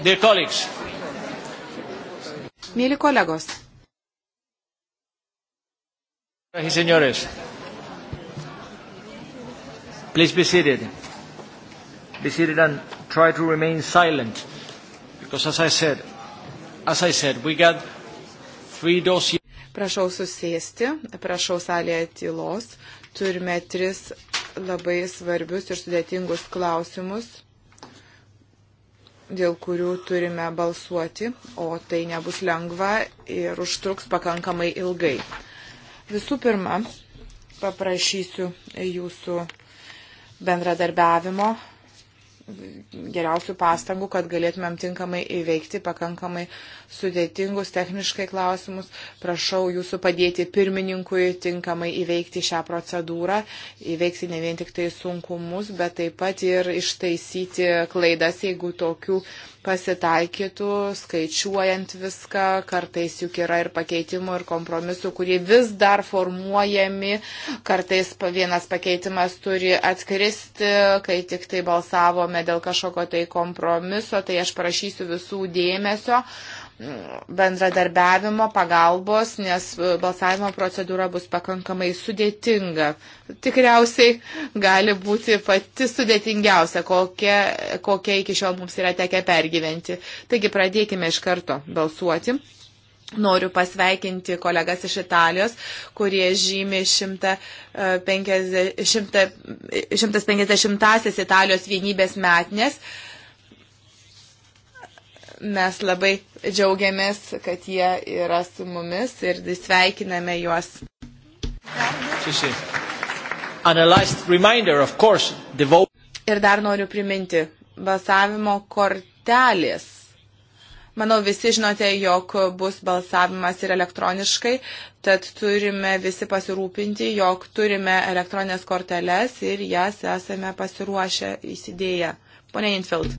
Dear colleagues. Mėly kolegos. Señores. Please be seated. Be seated and try to remain silent. Because as I said, as I said, we got three dossiers. Prašau susėsti, prašau salėje tylos. Turime tris labai svarbius ir sudėtingus klausimus dėl kurių turime balsuoti, o tai nebus lengva ir užtruks pakankamai ilgai. Visų pirma, paprašysiu jūsų bendradarbiavimo geriausių pastangų, kad galėtumėm tinkamai įveikti pakankamai sudėtingus techniškai klausimus. Prašau jūsų padėti pirmininkui tinkamai įveikti šią procedūrą, įveikti ne vien tik tai sunkumus, bet taip pat ir ištaisyti klaidas, jeigu tokių pasitaikytų, skaičiuojant viską, kartais juk yra ir pakeitimų, ir kompromisų, kurie vis dar formuojami, kartais vienas pakeitimas turi atskristi, kai tik tai balsavome dėl kažkokio tai kompromiso, tai aš prašysiu visų dėmesio. Uh, bendradarbiavimo, pagalbos, nes e, balsavimo procedūra bus pakankamai sudėtinga. Tikriausiai gali būti pati sudėtingiausia, kokia, kokia iki šiol mums yra tekę pergyventi. Taigi pradėkime iš karto balsuoti. Noriu pasveikinti kolegas iš Italijos, kurie žymi 150-asias e, e, Italijos vienybės metnės. Mes labai džiaugiamės, kad jie yra su mumis ir sveikiname juos. Ir dar noriu priminti balsavimo kortelės. Manau, visi žinote, jog bus balsavimas ir elektroniškai, tad turime visi pasirūpinti, jog turime elektroninės korteles ir jas esame pasiruošę įsidėję. Pone Infeld.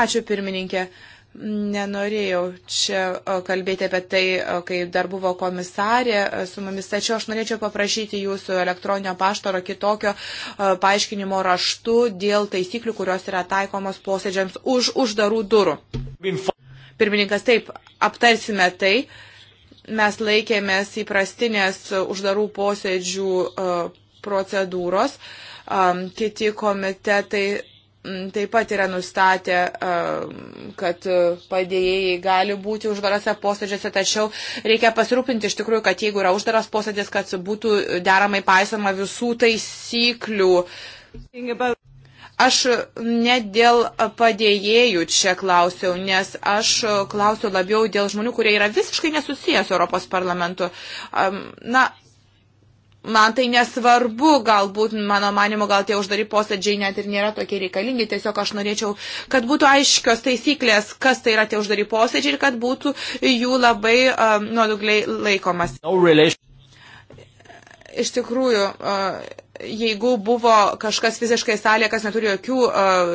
Ačiū pirmininkė. Uh, Nenorėjau čia kalbėti apie tai, kai dar buvo komisarė e, su mumis, tačiau aš norėčiau paprašyti jūsų elektroninio pašto ar kitokio e, paaiškinimo raštu dėl taisyklių, kurios yra taikomos posėdžiams už uždarų durų. Pirmininkas, taip, aptarsime tai. Mes laikėmės įprastinės uždarų posėdžių e, procedūros. Kiti komitetai taip pat yra nustatę, kad padėjėjai gali būti uždarose posėdžiuose, tačiau reikia pasirūpinti iš tikrųjų, kad jeigu yra uždaras posėdis, kad būtų deramai paisama visų taisyklių. Aš ne dėl padėjėjų čia klausiau, nes aš klausiau labiau dėl žmonių, kurie yra visiškai nesusijęs Europos parlamentu. Na, man tai nesvarbu, galbūt, mano manimo, gal tie uždari posėdžiai net ir nėra tokie reikalingi, tiesiog aš norėčiau, kad būtų aiškios taisyklės, kas tai yra tie uždari posėdžiai ir kad būtų jų labai um, nuodugliai laikomas. No relation. Iš tikrųjų, uh, jeigu buvo kažkas fiziškai salėje, kas neturi jokių uh,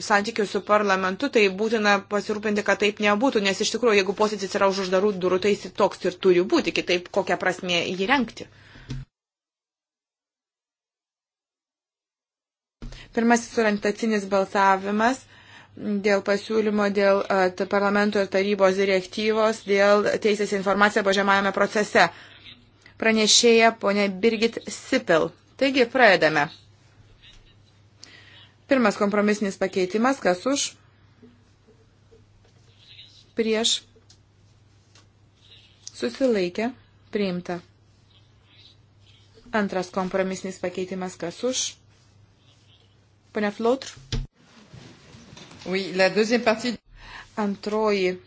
santykių su parlamentu, tai būtina pasirūpinti, kad taip nebūtų, nes iš tikrųjų, jeigu posėdis yra už uždarų durų, tai jis toks ir turi būti, kitaip kokią prasme jį renkti. Pirmasis orientacinis balsavimas dėl pasiūlymo dėl parlamento ir tarybos direktyvos dėl teisės informaciją bažiamajame procese. Pranešėja ponė Birgit Sipil. Taigi, pradedame. Pirmas kompromisinis pakeitimas, kas už? Prieš. Susilaikė. Priimta. Antras kompromisinis pakeitimas, kas už? Pane Flautr. Oui, la deuxième partie. Antroji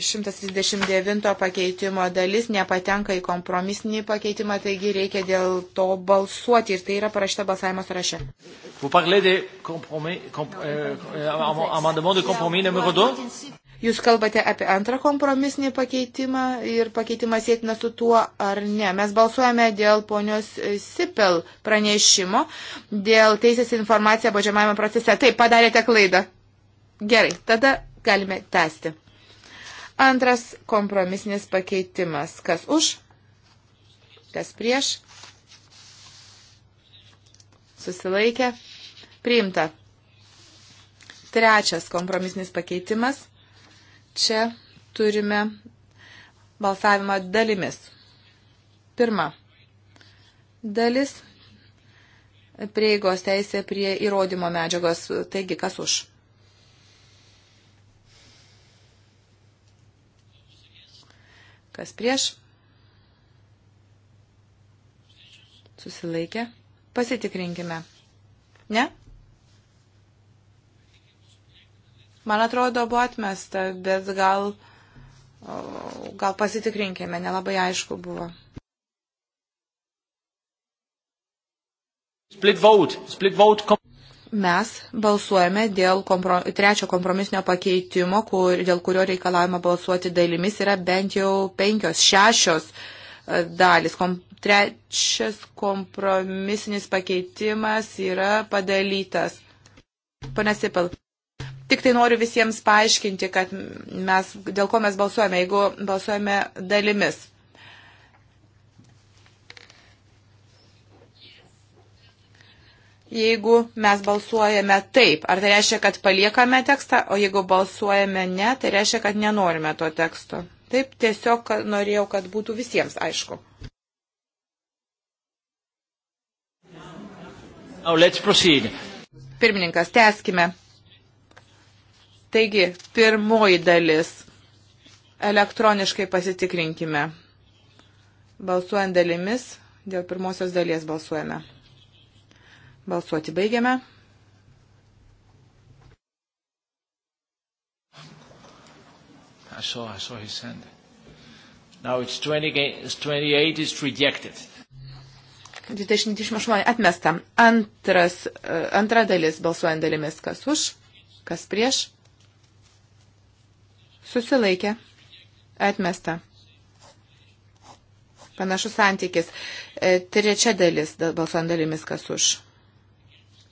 139 e, pakeitimo dalis nepatenka į kompromisinį pakeitimą, taigi reikia dėl to balsuoti ir tai yra parašyta balsavimo sąraše. Vous parlez des compromis, com, euh, euh amendements de compromis numéro 2 Jūs kalbate apie antrą kompromisinį pakeitimą ir pakeitimą sėtina su tuo ar ne. Mes balsuojame dėl ponios Sipel pranešimo, dėl teisės informaciją baudžiamajame procese. Taip, padarėte klaidą. Gerai, tada galime tęsti. Antras kompromisinis pakeitimas. Kas už? Kas prieš? Susilaikė. Priimta. Trečias kompromisinis pakeitimas. Čia turime balsavimą dalimis. Pirma. Dalis prieigos teisė prie įrodymo medžiagos. Taigi, kas už? Kas prieš? Susilaikė. Pasitikrinkime. Ne? man atrodo, buvo atmesta, bet gal, gal pasitikrinkime, nelabai aišku buvo. Split vote. Split vote Mes balsuojame dėl kompro, trečio kompromisinio pakeitimo, kur, dėl kurio reikalavimo balsuoti dalimis yra bent jau penkios, šešios e, dalis. Kom, trečias kompromisinis pakeitimas yra padalytas. Pane Sipel. Tik tai noriu visiems paaiškinti, kad mes, dėl ko mes balsuojame, jeigu balsuojame dalimis. Jeigu mes balsuojame taip, ar tai reiškia, kad paliekame tekstą, o jeigu balsuojame ne, tai reiškia, kad nenorime to teksto. Taip tiesiog kad norėjau, kad būtų visiems aišku. Pirmininkas, teskime. Taigi, pirmoji dalis. Elektroniškai pasitikrinkime. Balsuojant dalimis, dėl pirmosios dalies balsuojame. Balsuoti baigiame. I saw, I saw his hand. Now it's 28, it's 28 is rejected. 28 atmestam. Antras, e, antra dalis balsuojant dalimis, kas už, kas prieš, Susilaikė. Atmesta. Panašus santykis. E, trečia dalis balsuojant dalimis, kas už.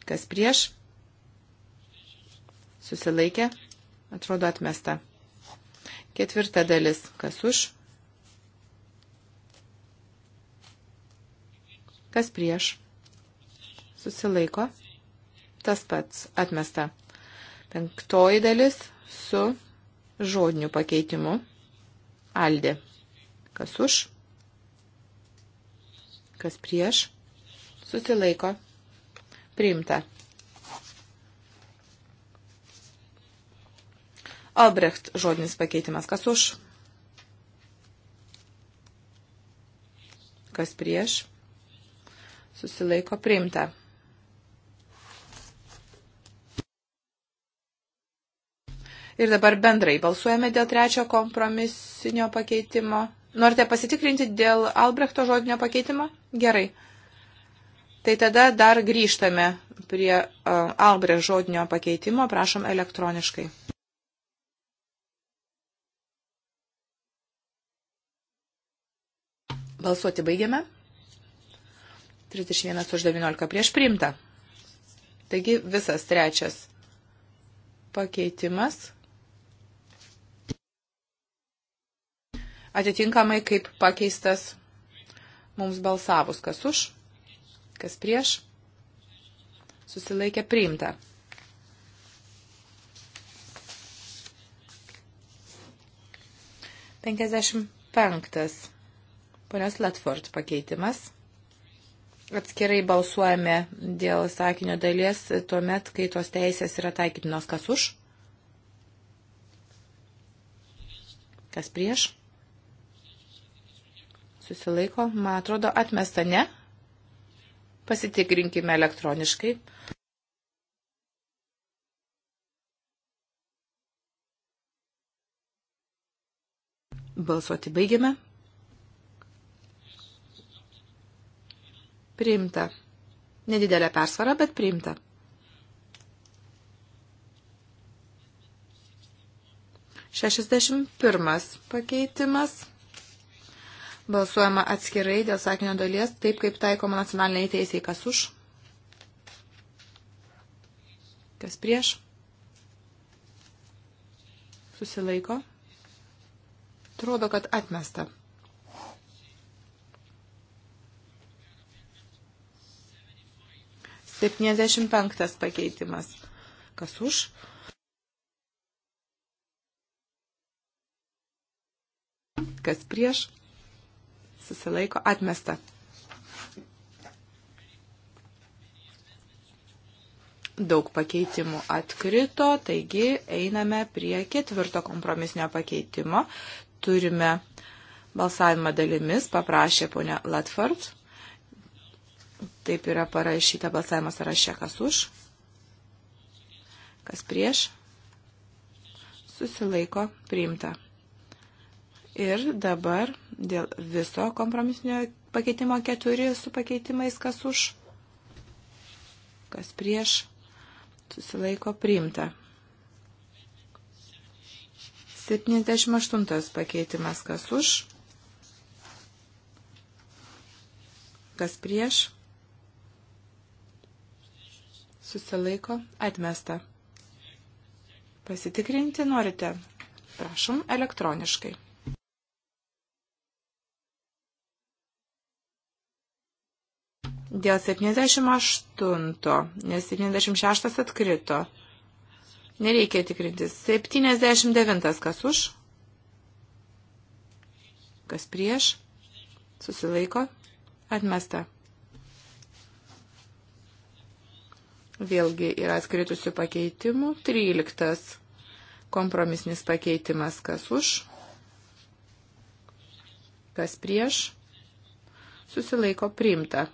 Kas prieš. Susilaikė. Atrodo atmesta. Ketvirta dalis. Kas už. Kas prieš. Susilaiko. Tas pats atmesta. Penktoji dalis su žodiniu pakeitimu. Aldė. Kas už? Kas prieš? Susilaiko. Priimta. Albrecht žodinis pakeitimas. Kas už? Kas prieš? Susilaiko priimta. Ir dabar bendrai balsuojame dėl trečio kompromisinio pakeitimo. Norite pasitikrinti dėl Albrechto žodinio pakeitimo? Gerai. Tai tada dar grįžtame prie uh, Albrecht žodinio pakeitimo, prašom elektroniškai. Balsuoti baigiame. 31 už 19 prieš priimta. Taigi visas trečias pakeitimas atitinkamai kaip pakeistas mums balsavus, kas už, kas prieš, susilaikė priimta. Penkiasdešimt penktas ponios Latford pakeitimas. Atskirai balsuojame dėl sakinio dalies tuomet, kai tos teisės yra taikytinos kas už, kas prieš, susilaiko, man atrodo, atmesta ne. Pasitikrinkime elektroniškai. Balsuoti baigiame. Priimta. Nedidelė persvara, bet priimta. Šešisdešimt pirmas pakeitimas. Balsuojama atskirai dėl sakinio dalies, taip kaip taikoma nacionaliniai teisėjai. Kas už? Kas prieš? Susilaiko. Atrodo, kad atmesta. Septyniasdešimt penktas pakeitimas. Kas už? Kas prieš? susilaiko atmesta. Daug pakeitimų atkrito, taigi einame prie ketvirto kompromisinio pakeitimo. Turime balsavimą dalimis, paprašė ponia Latford. Taip yra parašyta balsavimo sąraše, kas už, kas prieš, susilaiko priimta. Ir dabar dėl viso kompromisinio pakeitimo keturi su pakeitimais, kas už, kas prieš, susilaiko priimta. 78 pakeitimas, kas už, kas prieš, susilaiko atmesta. Pasitikrinti norite? Prašom elektroniškai. Dėl 78, nes 76 atkrito. Nereikia tikrintis. 79 kas už? Kas prieš? Susilaiko? Atmesta. Vėlgi yra atkritusių pakeitimų. 13. Kompromisnis pakeitimas kas už? Kas prieš? Susilaiko priimta.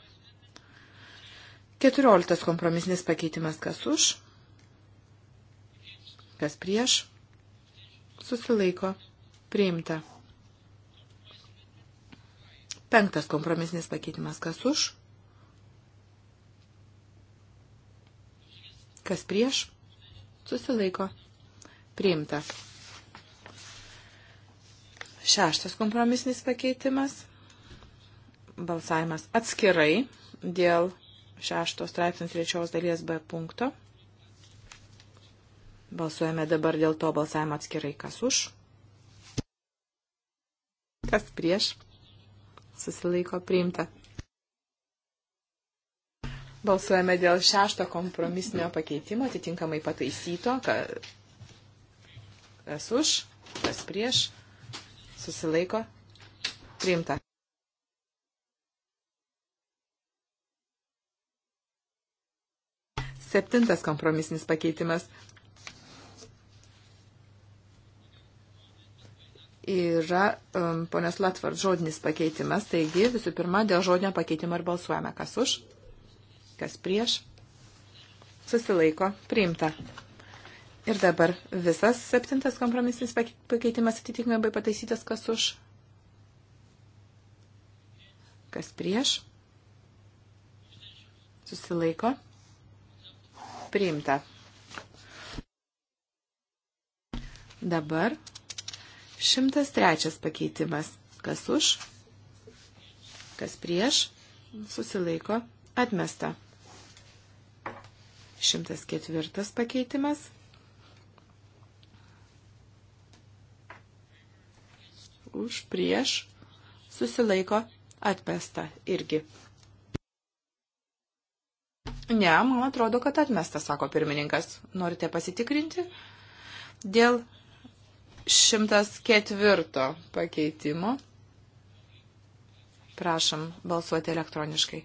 Keturioliktas kompromisinis pakeitimas kas už, kas prieš, susilaiko, priimta. Penktas kompromisinis pakeitimas kas už, kas prieš, susilaiko, priimta. Šeštas kompromisinis pakeitimas. Balsavimas atskirai dėl šešto straipsnio trečios dalies B punkto. Balsuojame dabar dėl to balsavimo atskirai, kas už, kas prieš, susilaiko priimta. Balsuojame dėl šešto kompromisinio pakeitimo, atitinkamai pataisyto, kas už, kas prieš, susilaiko priimta. Septintas kompromisinis pakeitimas. Yra um, ponios Latvart žodinis pakeitimas, taigi visų pirma dėl žodinio pakeitimo ir balsuojame, kas už, kas prieš, susilaiko, priimta. Ir dabar visas septintas kompromisinis pakeitimas atitikmai buvo pataisytas, kas už, kas prieš, susilaiko, priimta priimta. Dabar 103 pakeitimas. Kas už, kas prieš, susilaiko, atmesta. 104 pakeitimas. Už, prieš, susilaiko, atmesta irgi. Ne, man atrodo, kad atmestas, sako pirmininkas. Norite pasitikrinti? Dėl 104 pakeitimo. Prašom balsuoti elektroniškai.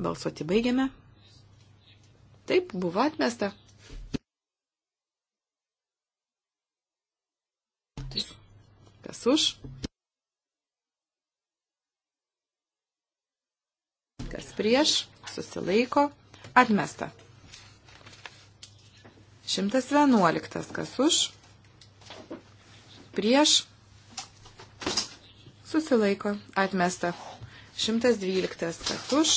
Balsuoti baigiame. Taip, buvo atmesta. Kas už? kas prieš, susilaiko, atmesta. 111, kas už, prieš, susilaiko, atmesta. 112, kas už,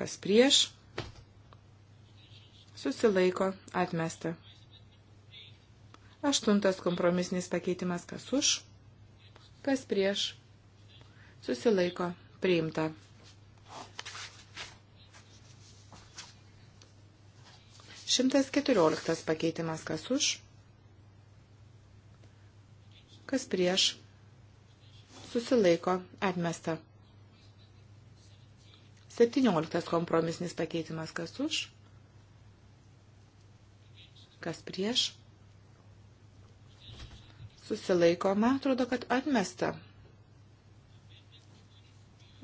kas prieš, susilaiko, atmesta. Aštuntas kompromisinis pakeitimas, kas už, kas prieš, susilaiko priimta. Šimtas keturioliktas pakeitimas kas už, kas prieš, susilaiko atmesta. Septynioliktas kompromisnis pakeitimas kas už, kas prieš, susilaiko, man atrodo, kad atmesta.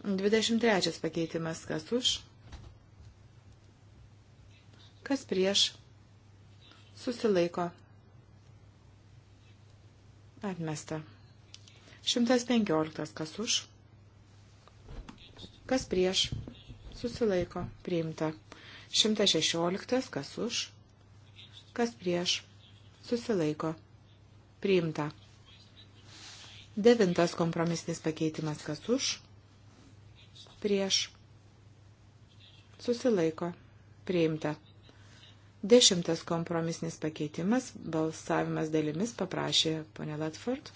23 pakeitimas, kas už, kas prieš, susilaiko, atmesta. 115 kas už, kas prieš, susilaiko, priimta. 116 kas už, kas prieš, susilaiko, priimta. Devintas kompromisinis pakeitimas kas už, prieš susilaiko priimta. Dešimtas kompromisnis pakeitimas, balsavimas dalimis paprašė ponė Latford.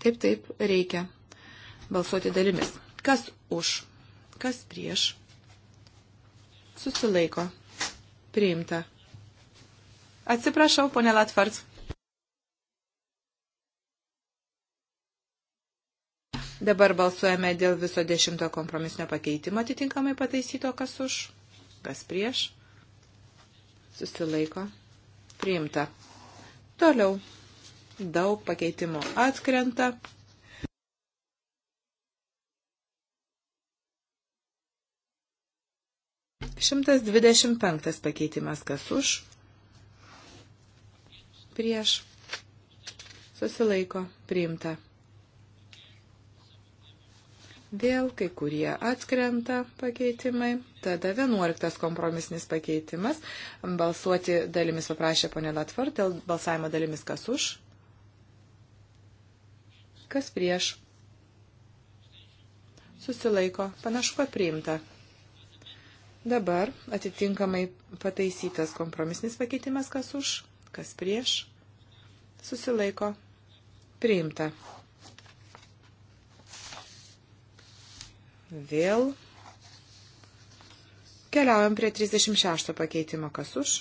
Taip, taip, reikia balsuoti dalimis. Kas už, kas prieš. Susilaiko. Priimta. Atsiprašau, ponė Latvart. Dabar balsuojame dėl viso dešimto kompromisinio pakeitimo atitinkamai pataisyto, kas už, kas prieš. Susilaiko. Priimta. Toliau. Daug pakeitimų atkrenta. Šimtas dvidešimt penktas pakeitimas, kas už, prieš, susilaiko, priimta. Vėl kai kurie atkrenta pakeitimai. Tada vienuoliktas kompromisinis pakeitimas. Balsuoti dalimis paprašė ponė Latvart, dėl balsavimo dalimis kas už, kas prieš. Susilaiko, panašu, kad priimta. Dabar atitinkamai pataisytas kompromisinis pakeitimas kas už, kas prieš. Susilaiko, priimta. Vėl. Keliaujam prie 36 pakeitimo. Kas už?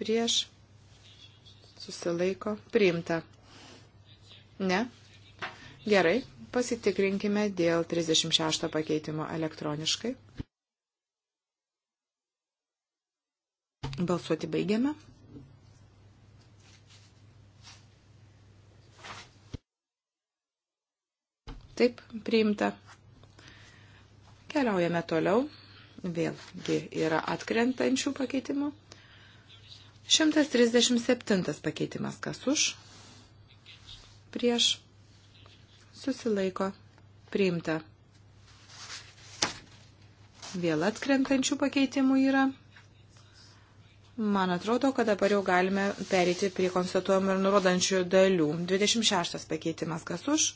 Prieš. Susilaiko. Priimta. Ne? Gerai. Pasitikrinkime dėl 36 pakeitimo elektroniškai. Balsuoti baigiame. Taip, priimta. Keliaujame toliau. Vėlgi yra atkrentančių pakeitimų. 137 pakeitimas kas už. Prieš. Susilaiko. Priimta. Vėl atkrentančių pakeitimų yra. Man atrodo, kad dabar jau galime perėti prie konstatuojamų ir nurodančių dalių. 26 pakeitimas kas už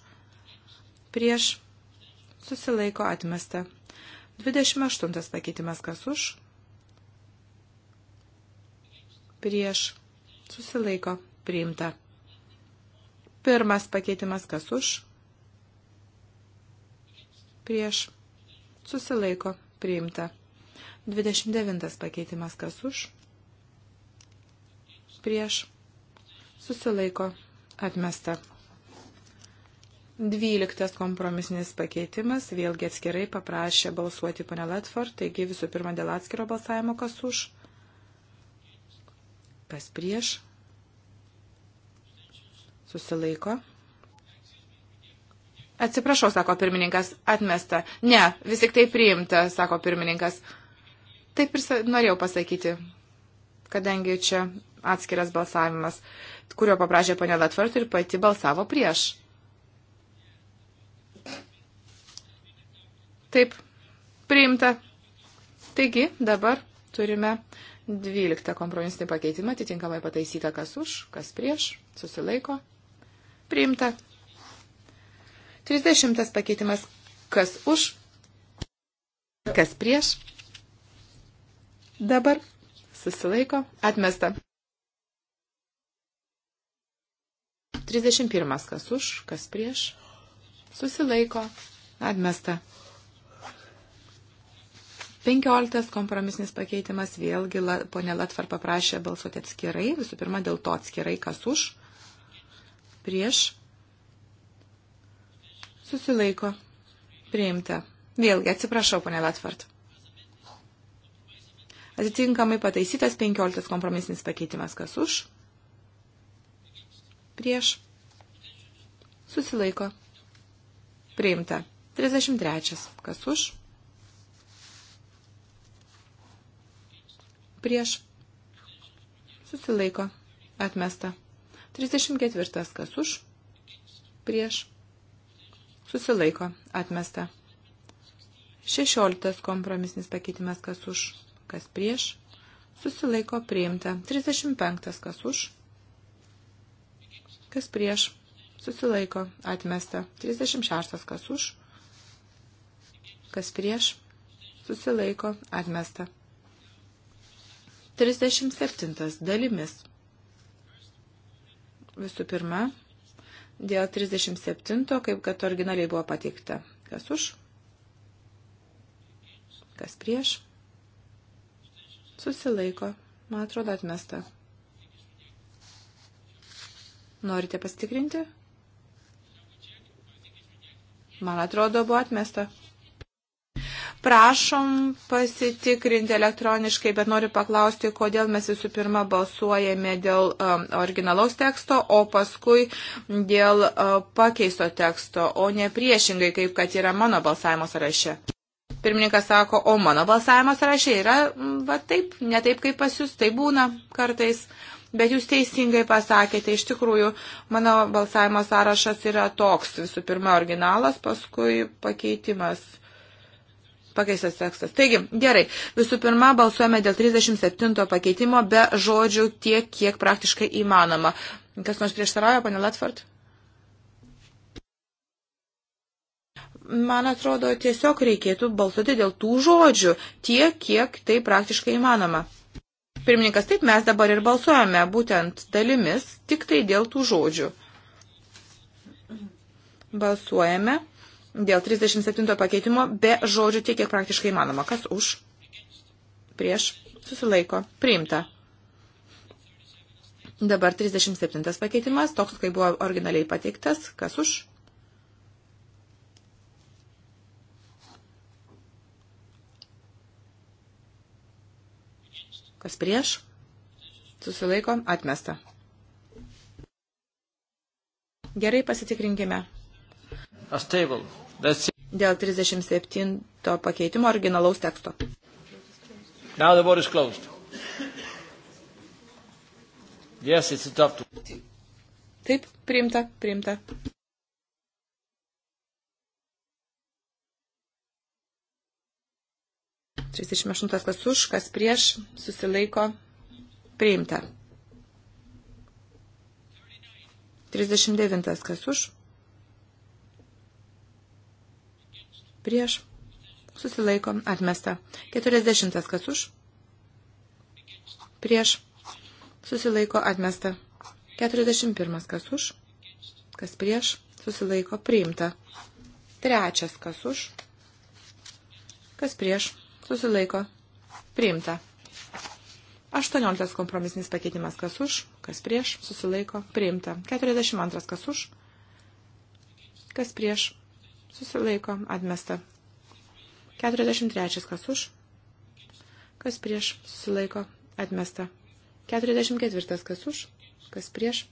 prieš susilaiko atmesta. 28 pakeitimas kas už, prieš susilaiko priimta. Pirmas pakeitimas kas už, prieš susilaiko priimta. 29 pakeitimas kas už, prieš susilaiko atmesta. Dvyliktas kompromisinis pakeitimas, vėlgi atskirai paprašė balsuoti ponė Letford, taigi visų pirma dėl atskiro balsavimo kas už, kas prieš, susilaiko. Atsiprašau, sako pirmininkas, atmesta. Ne, vis tik tai priimta, sako pirmininkas. Taip ir norėjau pasakyti, kadangi čia atskiras balsavimas, kurio paprašė ponė Letford ir pati balsavo prieš. Taip, priimta. Taigi, dabar turime 12 kompromisinį pakeitimą, atitinkamai pataisyta, kas už, kas prieš, susilaiko. Priimta. 30 pakeitimas, kas už, kas prieš. Dabar susilaiko, atmesta. 31. Kas už, kas prieš. Susilaiko, atmesta. 15 kompromisinis pakeitimas, vėlgi la, ponė Latvar paprašė balsuoti atskirai, visų pirma dėl to atskirai, kas už, prieš, susilaiko, priimta. Vėlgi, atsiprašau, ponė Latvart. Atitinkamai pataisytas 15 kompromisinis pakeitimas, kas už, prieš, susilaiko, priimta. 33. Kas už? prieš susilaiko atmesta. 34 kas už prieš susilaiko atmesta. 16 kompromisinis pakeitimas kas už kas prieš susilaiko priimta. 35 kas už kas prieš susilaiko atmesta. 36 kas už kas prieš susilaiko atmesta. 37 dalimis. Visų pirma, dėl 37, kaip kad originaliai buvo pateikta. Kas už? Kas prieš? Susilaiko. Man atrodo atmesta. Norite pastikrinti? Man atrodo, buvo atmesta. Prašom pasitikrinti elektroniškai, bet noriu paklausti, kodėl mes visų pirma balsuojame dėl um, originalaus teksto, o paskui dėl uh, pakeisto teksto, o ne priešingai, kaip kad yra mano balsavimo sąraše. Pirmininkas sako, o mano balsavimo sąraše yra, mm, va taip, ne taip kaip pas jūs, tai būna kartais. Bet jūs teisingai pasakėte, iš tikrųjų, mano balsavimo sąrašas yra toks, visų pirma originalas, paskui pakeitimas. Pakeistas tekstas. Taigi, gerai. Visų pirma, balsuojame dėl 37 pakeitimo be žodžių tiek, kiek praktiškai įmanoma. Kas nors prieštarauja, pane Latford? man atrodo, tiesiog reikėtų balsuoti dėl tų žodžių, tiek, kiek tai praktiškai įmanoma. Pirmininkas, taip mes dabar ir balsuojame, būtent dalimis, tik tai dėl tų žodžių. Balsuojame dėl 37 pakeitimo be žodžių tiek, kiek praktiškai įmanoma. Kas už? Prieš. Susilaiko. Priimta. Dabar 37 pakeitimas, toks, kai buvo originaliai pateiktas. Kas už? Kas prieš? Susilaiko. Atmesta. Gerai pasitikrinkime. Dėl 37 pakeitimo originalaus teksto. Now the vote is closed. Yes, it's adopted. Taip, priimta, priimta. Trisdešimt aštuntas kas už, kas prieš, susilaiko, priimta. Trisdešimt devintas kas už, prieš, susilaiko, atmesta. 40 kas už, prieš, susilaiko, atmesta. 41 kas už, kas prieš, susilaiko, priimta. Trečias kas už, kas prieš, susilaiko, priimta. 18 kompromisinis pakeitimas kas už, kas prieš, susilaiko, priimta. 42 kas už, kas prieš, Susilaiko. Atmesta. 43. Kas už? Kas prieš? Susilaiko. Atmesta. 44. Kas už? Kas prieš?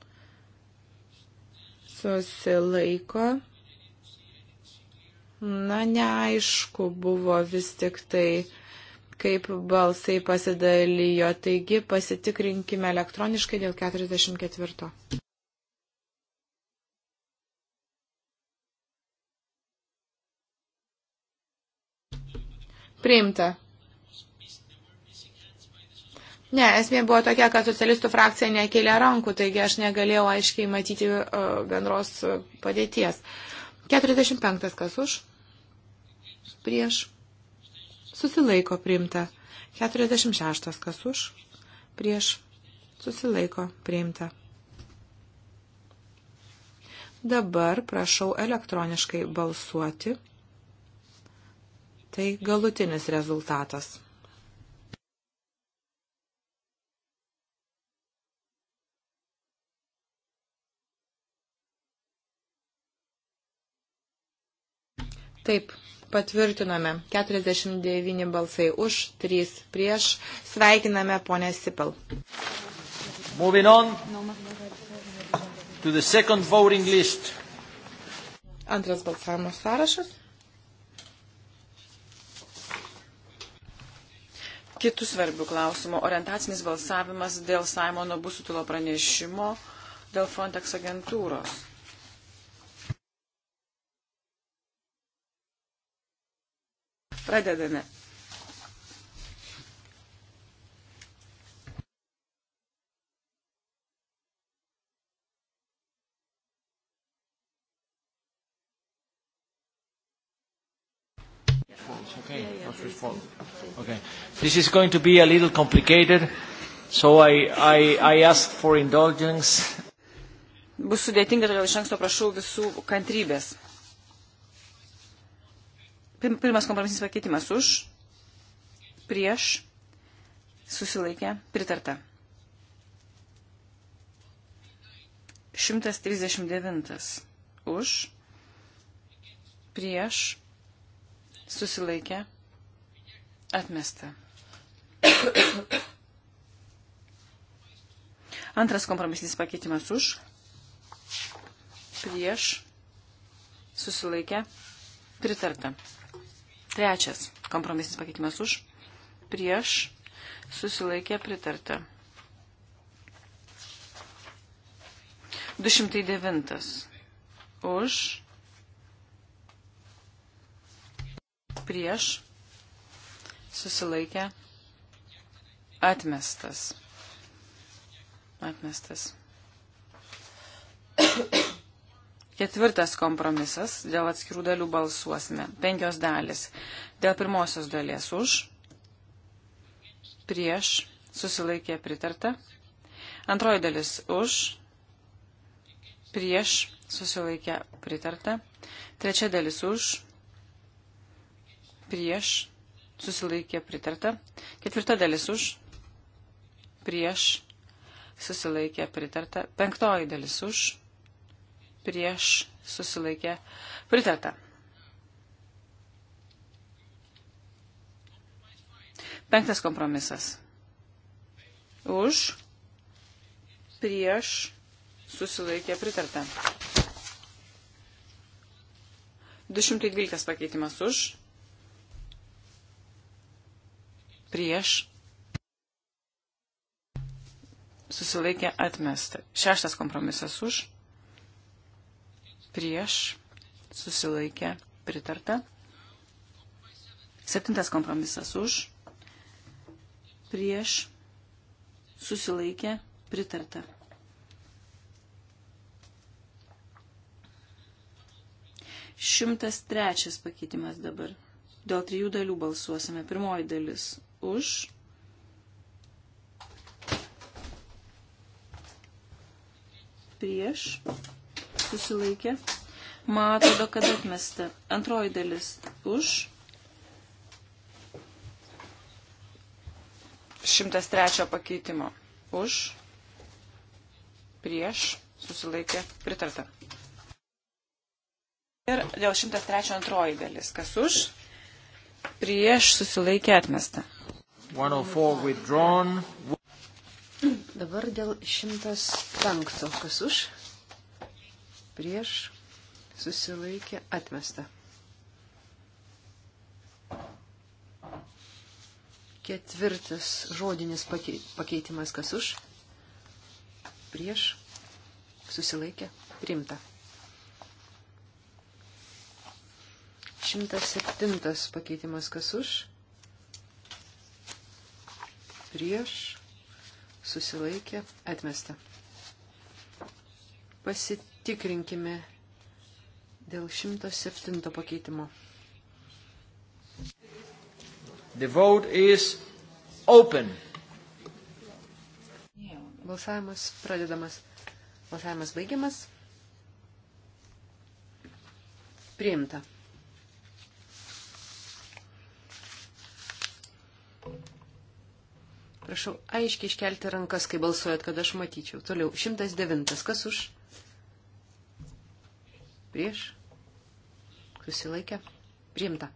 Susilaiko. Na, neaišku buvo vis tik tai, kaip balsai pasidalijo. Taigi pasitikrinkime elektroniškai dėl 44. Priimta. Ne, esmė buvo tokia, kad socialistų frakcija nekėlė rankų, taigi aš negalėjau aiškiai matyti e, bendros e, padėties. 45. Kas už? Prieš. Susilaiko priimta. 46. Kas už? Prieš. Susilaiko priimta. Dabar prašau elektroniškai balsuoti. Tai galutinis rezultatas. Taip, patvirtiname 49 balsai už, 3 prieš. Sveikiname ponę Sipel. Moving on to the second voting list. Antras balsavimo sąrašas. kitų svarbių klausimų. Orientacinis balsavimas dėl Simono Busutilo pranešimo dėl Frontex agentūros. Pradedame. respond. Okay. This is going to be a little complicated, so I, I, I ask for indulgence. Bus sudėtinga, todėl iš anksto prašau visų kantrybės. Pirmas kompromisinis pakeitimas už, prieš, susilaikė, pritarta. 139 už, prieš, susilaikė, pritarta Atmesta. Antras kompromisinis pakeitimas už, prieš, susilaikę, pritarta. Trečias kompromisinis pakeitimas už, prieš, susilaikė, pritarta. 209 už, prieš, susilaikė, atmestas. Atmestas. Ketvirtas kompromisas. Dėl atskirų dalių balsuosime. Penkios dalis. Dėl pirmosios dalies už, prieš, susilaikė pritarta. Antroji dalis už, prieš, susilaikė pritarta. Trečia dalis už, prieš, susilaikė pritarta. Ketvirta dalis už, prieš, susilaikė pritarta. Penktoji dalis už, prieš, susilaikė pritarta. Penktas kompromisas. Už, prieš, susilaikė pritarta. 212 pakeitimas už, prieš susilaikė atmesta. Šeštas kompromisas už, prieš susilaikė pritarta. Septintas kompromisas už, prieš susilaikė pritarta. Šimtas trečias pakeitimas dabar. Dėl trijų dalių balsuosime. Pirmoji dalis už. Prieš. Susilaikė. Man atrodo, kad atmesta. Antroji dalis už. 103 pakeitimo. Už. Prieš. Susilaikė. Pritarta. Ir dėl 103 antroji dalis. Kas už? Prieš susilaikė atmesta. 104 withdrawn. Dabar dėl 105. Kas už? Prieš susilaikė atmesta. Ketvirtas žodinis pakeitimas. Kas už? Prieš susilaikė primta. 107 pakeitimas. Kas už? prieš, susilaikė, atmesta. Pasitikrinkime dėl 107 pakeitimo. The vote is open. Balsavimas pradedamas. Balsavimas baigiamas. Priimta. Prašau aiškiai iškelti rankas, kai balsuojat, kad aš matyčiau. Toliau, 109. Kas už? Prieš? Susilaikė? Priimta.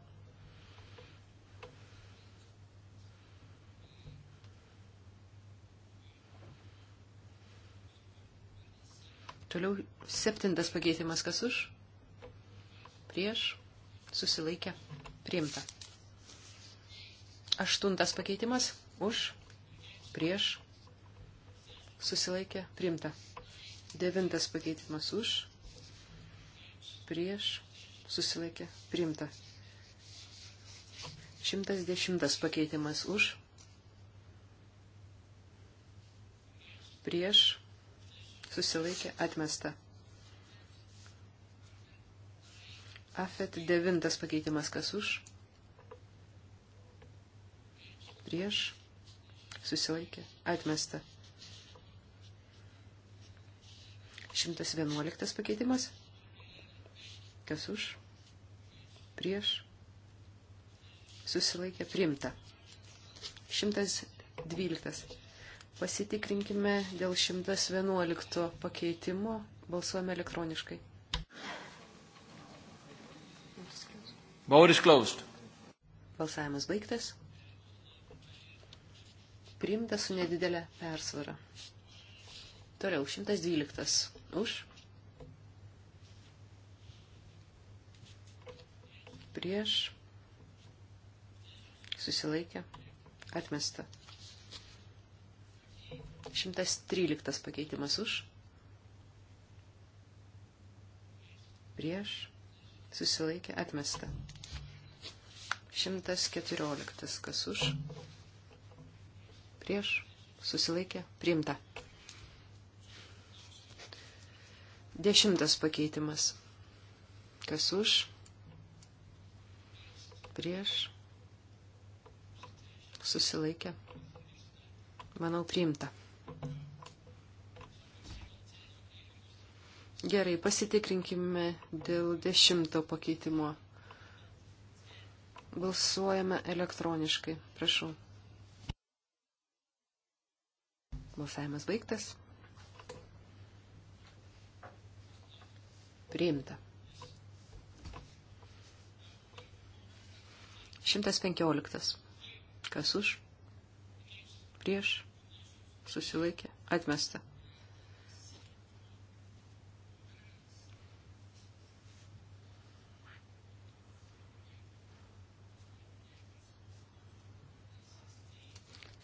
Toliau septintas pakeitimas kas už? Prieš. Susilaikė. Priimta. Aštuntas pakeitimas už prieš, susilaikė, priimta. Devintas pakeitimas už, prieš, susilaikė, priimta. Šimtas dešimtas pakeitimas už, prieš, susilaikė, atmesta. Afet devintas pakeitimas kas už, prieš, susilaikė, atmesta. 111 pakeitimas. Kas už, prieš, susilaikė, priimta. 112. Pasitikrinkime dėl 111 pakeitimo, balsuojame elektroniškai. Vote is closed. Balsavimas baigtas. Priimta su nedidelė persvara. Toliau, 112. Už. Prieš. Susilaikė. Atmesta. 113 pakeitimas už. Prieš. Susilaikė. Atmesta. 114 kas už prieš, susilaikė, priimta. Dešimtas pakeitimas. Kas už, prieš, susilaikė, manau, priimta. Gerai, pasitikrinkime dėl dešimto pakeitimo. Balsuojame elektroniškai. Prašau. Balsavimas baigtas. Priimta. 115. Kas už? Prieš? Susilaikė? Atmesta.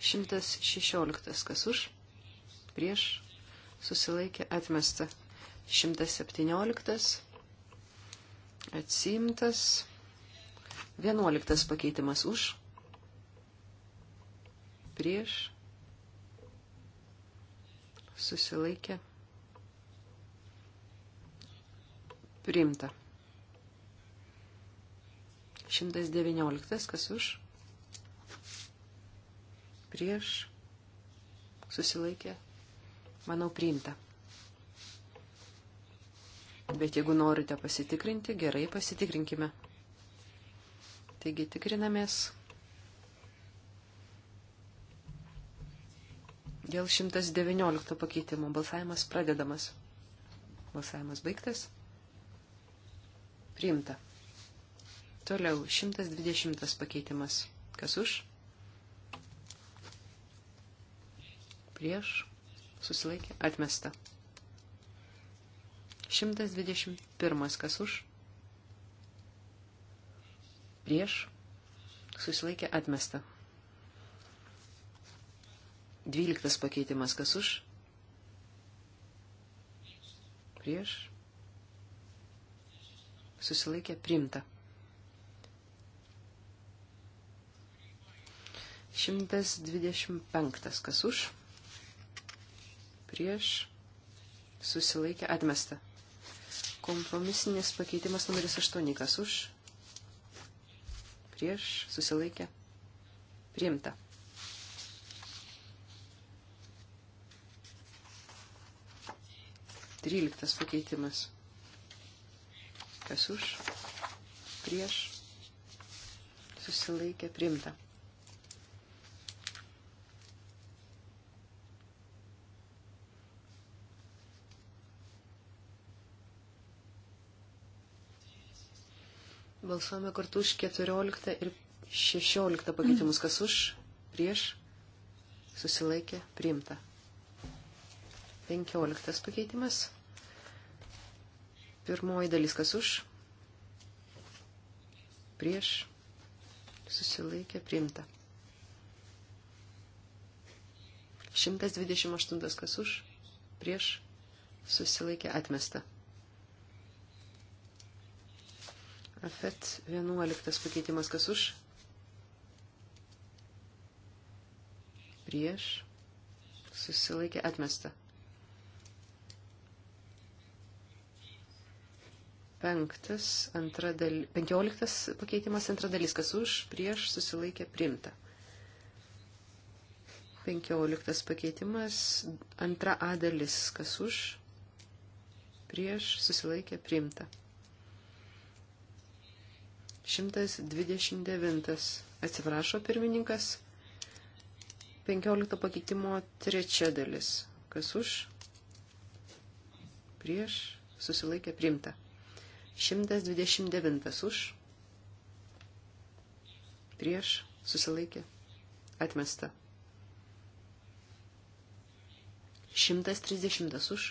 Šimtas šešioliktas. Kas už? prieš, susilaikė atmesta. 117 atsimtas. 11 pakeitimas už, prieš, susilaikė priimta. 119, kas už? Prieš susilaikė Manau, priimta. Bet jeigu norite pasitikrinti, gerai pasitikrinkime. Taigi tikrinamės. Dėl 119 pakeitimo balsavimas pradedamas. Balsavimas baigtas. Priimta. Toliau 120 pakeitimas. Kas už? Prieš susilaikė, atmesta. 121 kas už, prieš, susilaikė, atmesta. 12 pakeitimas kas už, prieš, susilaikė, primta. 125 kas už prieš, susilaikė, atmesta. Kompromisinis pakeitimas numeris 8, kas už, prieš, susilaikė, priimta. Tryliktas pakeitimas. Kas už, prieš, susilaikė, priimta. Balsuojame kartu už 14 ir 16 pakeitimus. Kas už, prieš, susilaikė, priimta. 15 pakeitimas. Pirmoji dalis kas už, prieš, susilaikė, priimta. 128 kas už, prieš, susilaikė, atmesta. Afet 11 pakeitimas kas už? Prieš. Susilaikė atmesta. Penktas, antra dal... Penkioliktas pakeitimas antra dalis kas už? Prieš. Susilaikė primta. 15 pakeitimas, antra A dalis, kas už, prieš, susilaikė, priimta. 129. Atsiprašo pirmininkas. 15 pakeitimo trečia dalis. Kas už? Prieš susilaikė primta. 129 už. Prieš susilaikė atmesta. 130 už.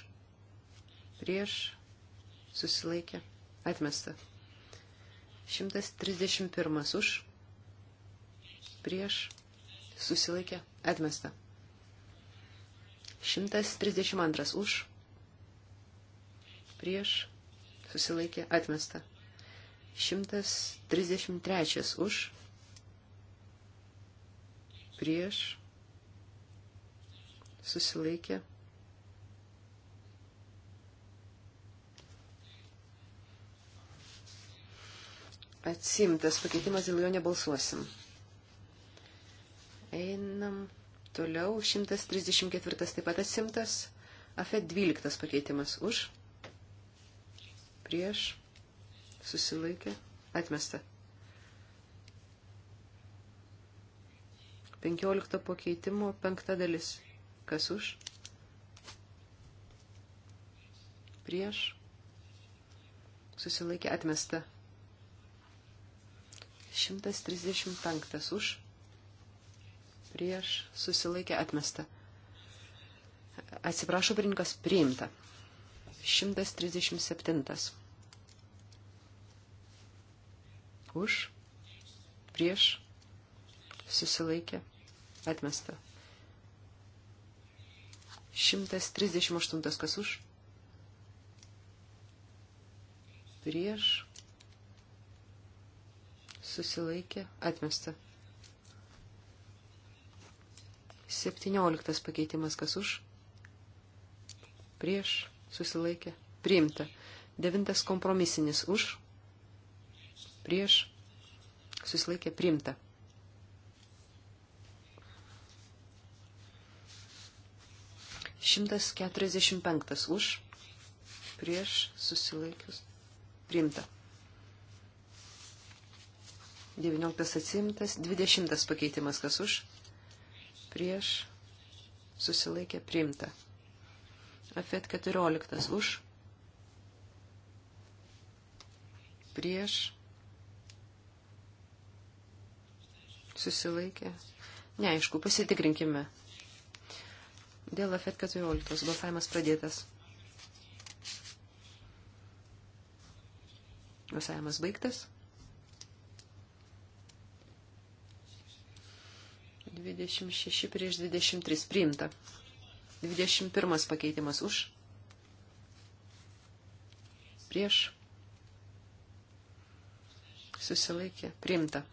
Prieš susilaikė atmesta. 131 už, prieš, susilaikė, atmesta. 132 už, prieš, susilaikė, atmesta. 133 už, prieš, susilaikė, atmesta Atsimtas pakeitimas, dėl jo nebalsuosim. Einam toliau. 134 taip pat atsimtas. Afet 12 pakeitimas už. Prieš. Susilaikė. Atmesta. 15 pakeitimo penkta dalis. Kas už? Prieš. Susilaikė atmesta. 135 už, prieš, susilaikė, atmesta. Atsiprašau, pirinkas priimta. 137. Už, prieš, susilaikė, atmesta. 138 kas už, prieš, susilaikė, atmesta. 17 pakeitimas kas už, prieš, susilaikė, priimta. 9 kompromisinis už, prieš, susilaikė, priimta. Šimtas keturiasdešimt penktas už, prieš susilaikius, priimta. 19 atsimtas, 20 pakeitimas kas už, prieš, susilaikė priimta. Afet 14 už, prieš, susilaikė. Neaišku, pasitikrinkime. Dėl Afet 14 balsavimas pradėtas. Balsavimas baigtas. 26 prieš 23 priimta. 21 pakeitimas už. Prieš. Susilaikė. Priimta.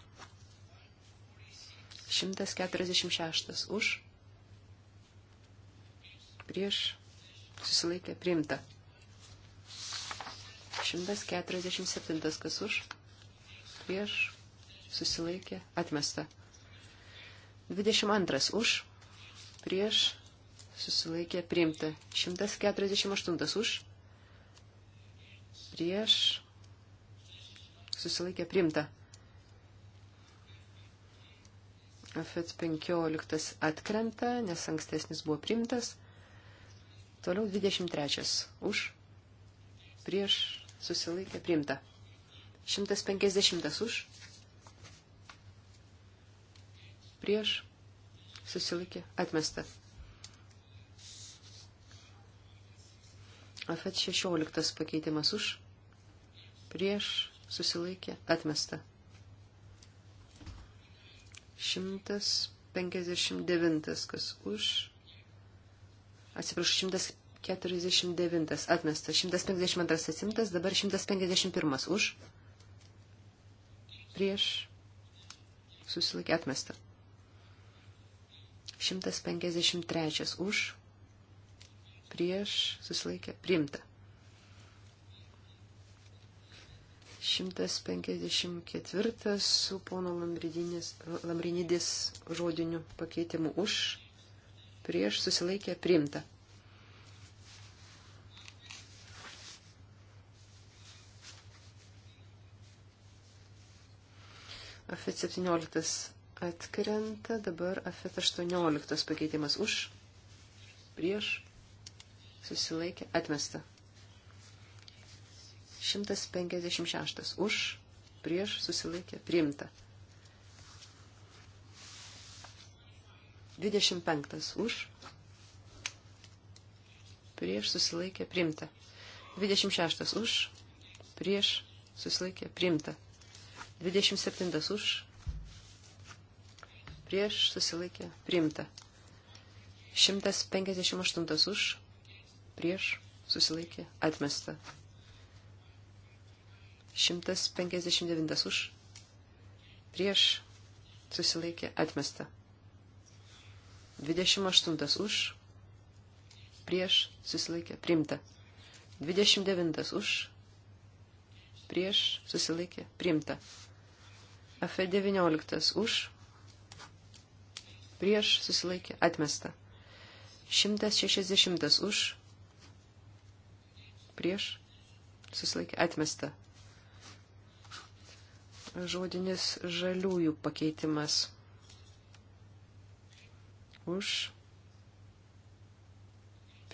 146 už. Prieš. Susilaikė. Priimta. 147 kas už. Prieš. Susilaikė. Atmesta. 22 už, prieš, susilaikė priimta. 148 už, prieš, susilaikė priimta. Afet 15 atkrenta, nes ankstesnis buvo priimtas. Toliau 23 už, prieš, susilaikė priimta. 150 už, prieš, susilaikė, atmesta. Afet 16 pakeitimas už, prieš, susilaikė, atmesta. 159 kas už, atsiprašau, 149 atmestas, 152 atsimtas, dabar 151 už, prieš, susilaikė, atmesta. 153 už, prieš, susilaikė, priimta. 154 su pono Lambrinidis žodiniu pakeitimu už, prieš, susilaikė, priimta. F17 atkrenta. Dabar afet 18 pakeitimas už, prieš, susilaikė, atmesta. 156 už, prieš, susilaikė, priimta. 25 už, prieš, susilaikė, priimta. 26 už, prieš, susilaikė, priimta. 27 už, prieš susilaikė priimta. 158 už prieš susilaikė atmesta. 159 už prieš susilaikė atmesta. 28 už prieš susilaikė priimta. 29 už prieš susilaikė priimta. F19 už prieš susilaikė atmesta. 160 už prieš susilaikė atmesta. Žodinis žaliųjų pakeitimas už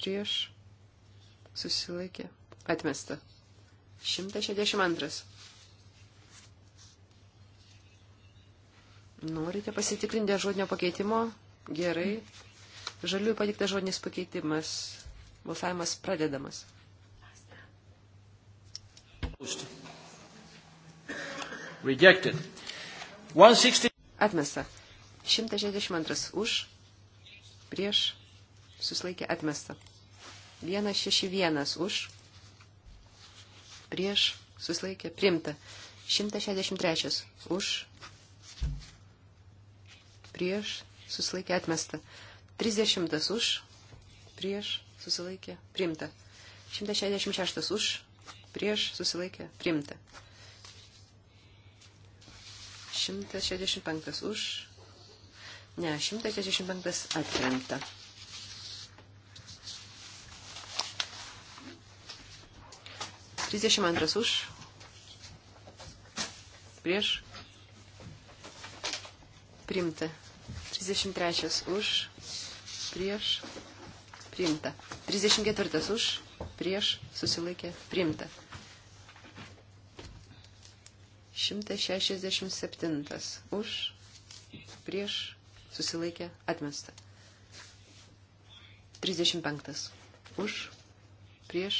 prieš susilaikė atmesta. 162 Norite pasitikrinti žodinio pakeitimo? Gerai. Žaliųjų patiktas žodinis pakeitimas. Balsavimas pradedamas. Rejected. 160... Atmesta. 162 už, prieš, susilaikė atmesta. 161 už, prieš, susilaikė primta. 163 už, prieš, susilaikė atmesta. 30 už, prieš, susilaikė, primta. 166 už, prieš, susilaikė, primta. 165 už, ne, 165 atkrenta. Trisdešimt antras už, prieš, primta. 33 už, prieš, priimta. 34 už, prieš, susilaikė, priimta. 167 už, prieš, susilaikė, atmesta. 35 už, prieš,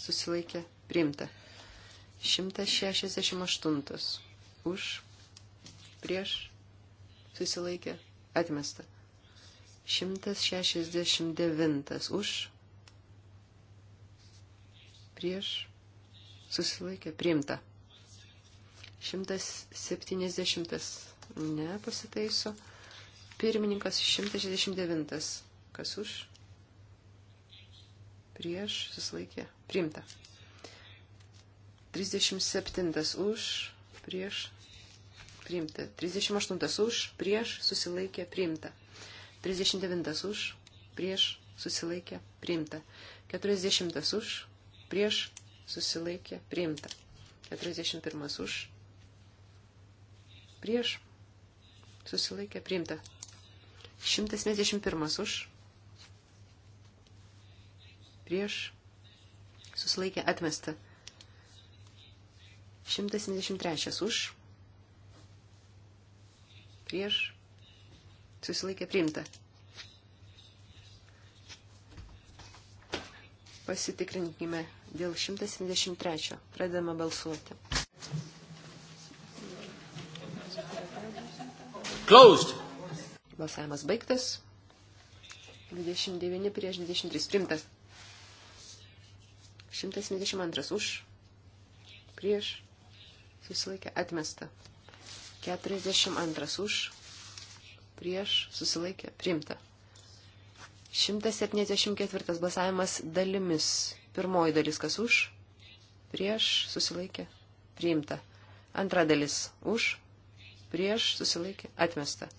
susilaikė, priimta. 168 už, prieš, susilaikė, atmesta. 169 už, prieš, susilaikė, priimta. 170 ne, pasitaiso. Pirmininkas 169, kas už, prieš, susilaikė, priimta. 37 už, prieš, priimta. 38 už, prieš, susilaikė, priimta. 39 už, prieš, susilaikė, priimta. 40 už, prieš, susilaikė, priimta. 41 už, prieš, susilaikė, priimta. 171 už, prieš, susilaikė, atmesta. 173 už, prieš, susilaikė priimta. Pasitikrinkime dėl 173. Pradedame balsuoti. Closed. Balsavimas baigtas. 29 prieš 23. Primtas. 172 už. Prieš. Susilaikė atmesta. 42 už, prieš, susilaikė, priimta. 174 balsavimas dalimis. Pirmoji dalis kas už, prieš, susilaikė, priimta. Antra dalis už, prieš, susilaikė, atmesta.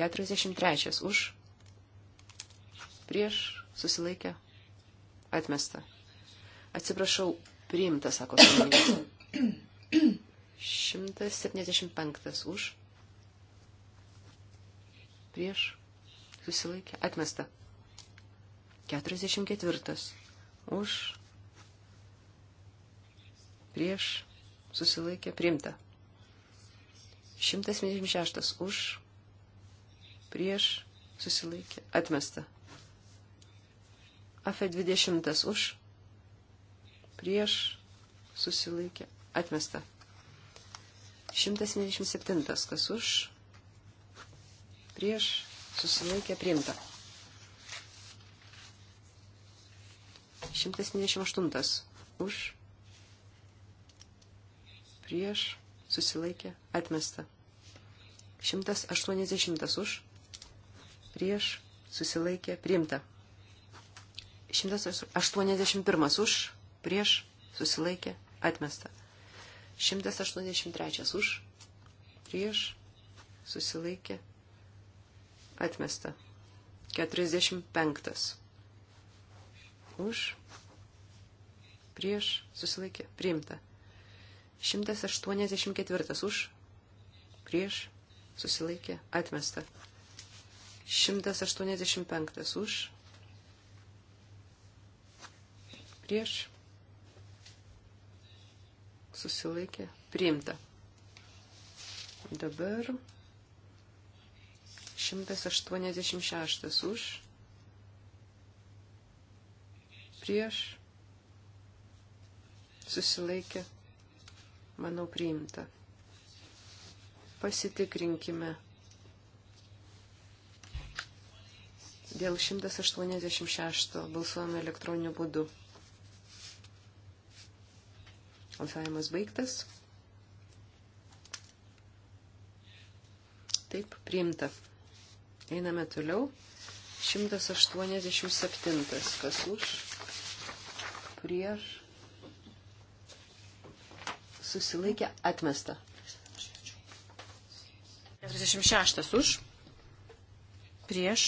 43 už, prieš, susilaikė, atmesta. Atsiprašau, priimta, sako pirmininkas. 175 už. Prieš. Susilaikė. Atmesta. 44 už. Prieš. Susilaikė. Primta. 176 už. Prieš. Susilaikė. Atmesta. Afe 20 už. Prieš. Susilaikė. Atmesta. 177. Kas už? Prieš susilaikė priimta. 178. Už? Prieš susilaikė atmesta. 180 už, prieš susilaikė priimta. 181 už, prieš susilaikė atmesta. 183 už, prieš, susilaikė, atmesta. 45 už, prieš, susilaikė, priimta. 184 už, prieš, susilaikė, atmesta. 185 už, prieš, susilaikė, priimta. Dabar 186 už, prieš, susilaikė, manau, priimta. Pasitikrinkime dėl 186 balsuojame elektroniniu būdu. Balsavimas baigtas. Taip, priimta. Einame toliau. 187. Kas už? Prieš. Susilaikė atmesta. 46 už. Prieš.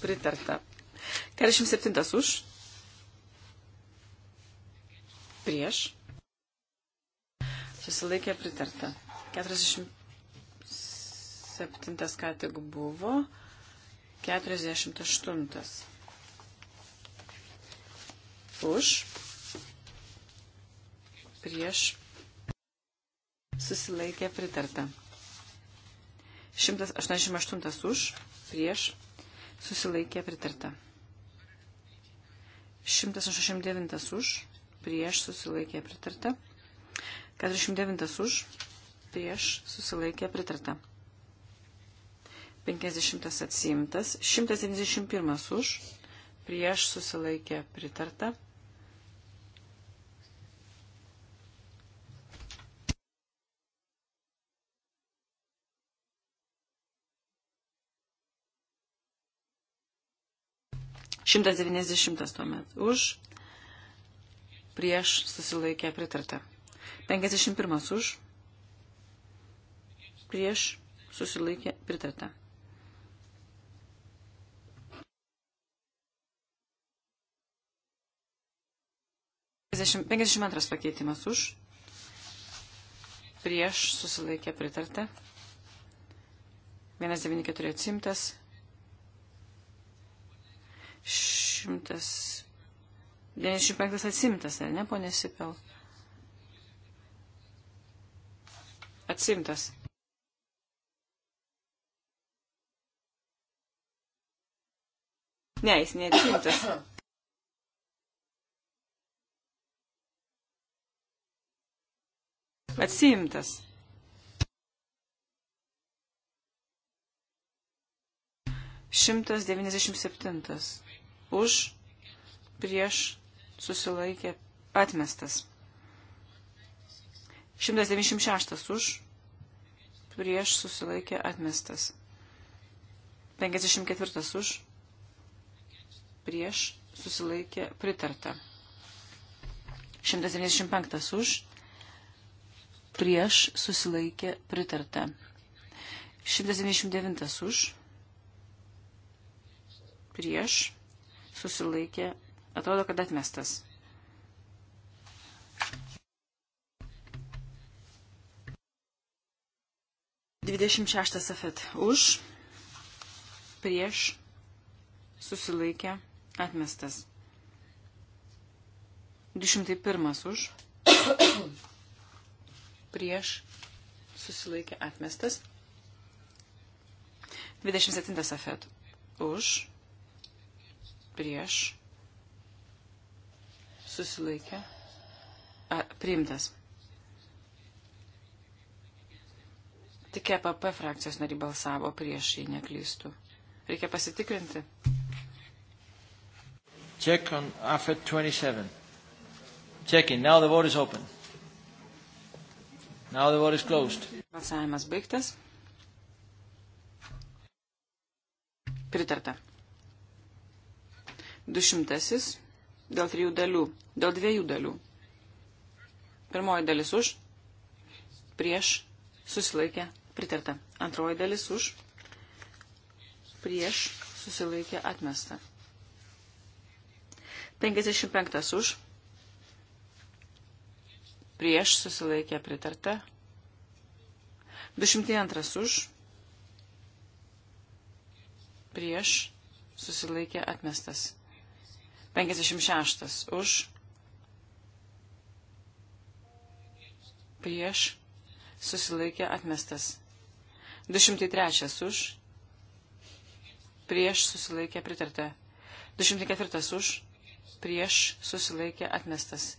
Pritarta. 47 už prieš, susilaikė pritarta. 47 ką tik buvo, 48 už, prieš, susilaikė pritarta. 188 už, prieš, susilaikė pritarta. 169 už, prieš susilaikė pritarta. 49 už, prieš susilaikė pritarta. 50 atsiimtas, 191 už, prieš susilaikė pritarta. Šimtas devyniasdešimtas tuomet už, prieš susilaikė pritarta. 51 už, prieš susilaikė pritarta. Penkiasdešimt antras pakeitimas už, prieš susilaikė pritarta. 194 atsimtas. 100. 95 atsimtas, ar ne, ponė Sipel? Atsimtas. Ne, jis neatsimtas. Atsimtas. Šimtas devyniasdešimt septintas. Už prieš susilaikė atmestas. 196 už, prieš susilaikė atmestas. 54 už, prieš susilaikė pritarta. 195 už, prieš susilaikė pritarta. 199 už, prieš susilaikė Atrodo, kad atmestas. Dvidešimt šeštas afet. Už, prieš, susilaikė, atmestas. 201 už, prieš, susilaikė, atmestas. 27 afet. Už, prieš, susilaikė, a, priimtas. Tik EPP frakcijos nariai balsavo prieš jį neklystų. Reikia pasitikrinti. Check on AFET 27. Checking. Now the vote is open. Now the vote is closed. Balsavimas baigtas. Pritarta. Dušimtasis dėl trijų dalių, dėl dviejų dalių. Pirmoji dalis už, prieš, susilaikė, pritarta. Antroji dalis už, prieš, susilaikė, atmesta. 55 už, prieš, susilaikė, pritarta. 202 už, prieš, susilaikė, atmestas. 56 už, prieš, susilaikė atmestas. 203 už, prieš, susilaikė pritarta. 204 už, prieš, susilaikė atmestas.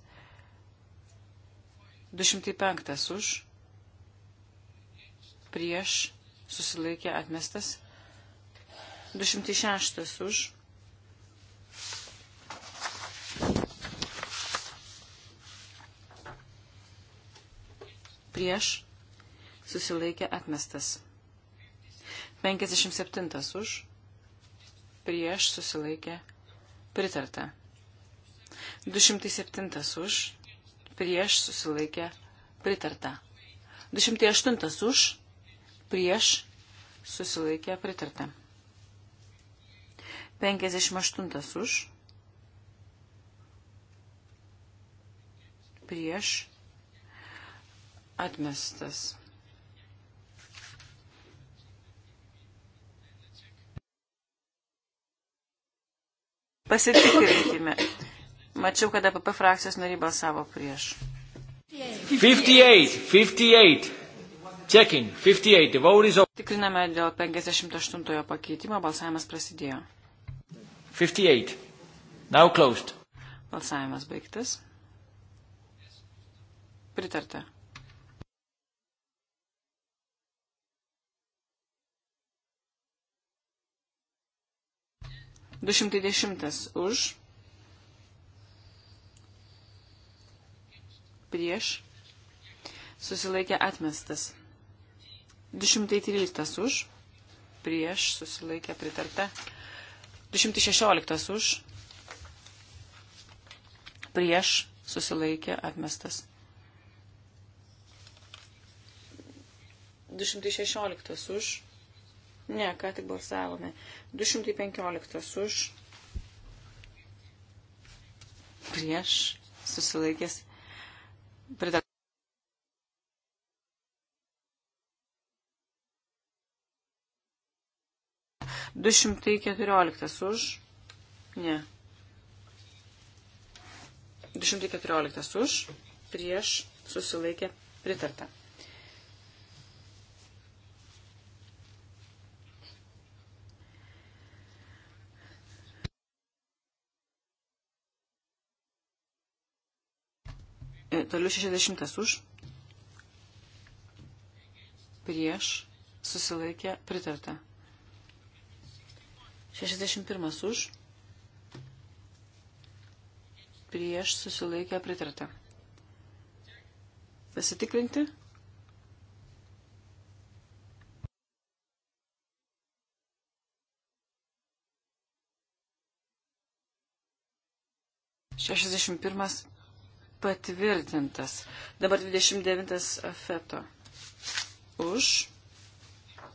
205 už, prieš, susilaikė atmestas. 206 už, prieš, susilaikė atmestas. 57 už, prieš, susilaikė pritarta. 207 už, prieš, susilaikė pritarta. 208 už, prieš, susilaikė pritarta. 58 už, prieš, Atmestas. Pasitikrinkime. Mačiau, kad APP frakcijos nariai balsavo prieš. 58, 58. Checking. 58. The vote is over. Tikriname dėl 58 pakeitimo. Balsavimas prasidėjo. 58. Now closed. Balsavimas baigtas. Pritarta. 210 už, prieš, susilaikė atmestas. 213 už, prieš, susilaikė pritarta. 216 už, prieš, susilaikė atmestas. 216 už, Ne, ką tik balsavome. 215 už. Prieš susilaikęs. Pridak. Du šimtai keturioliktas už. Ne. Du šimtai keturioliktas už. Prieš susilaikė pritarta. Toliau 60 už. Prieš susilaikė pritarta. 61 už. Prieš susilaikė pritarta. Pasitikrinti. Šešiasdešimt pirmas patvirtintas. Dabar 29 afeto. Už,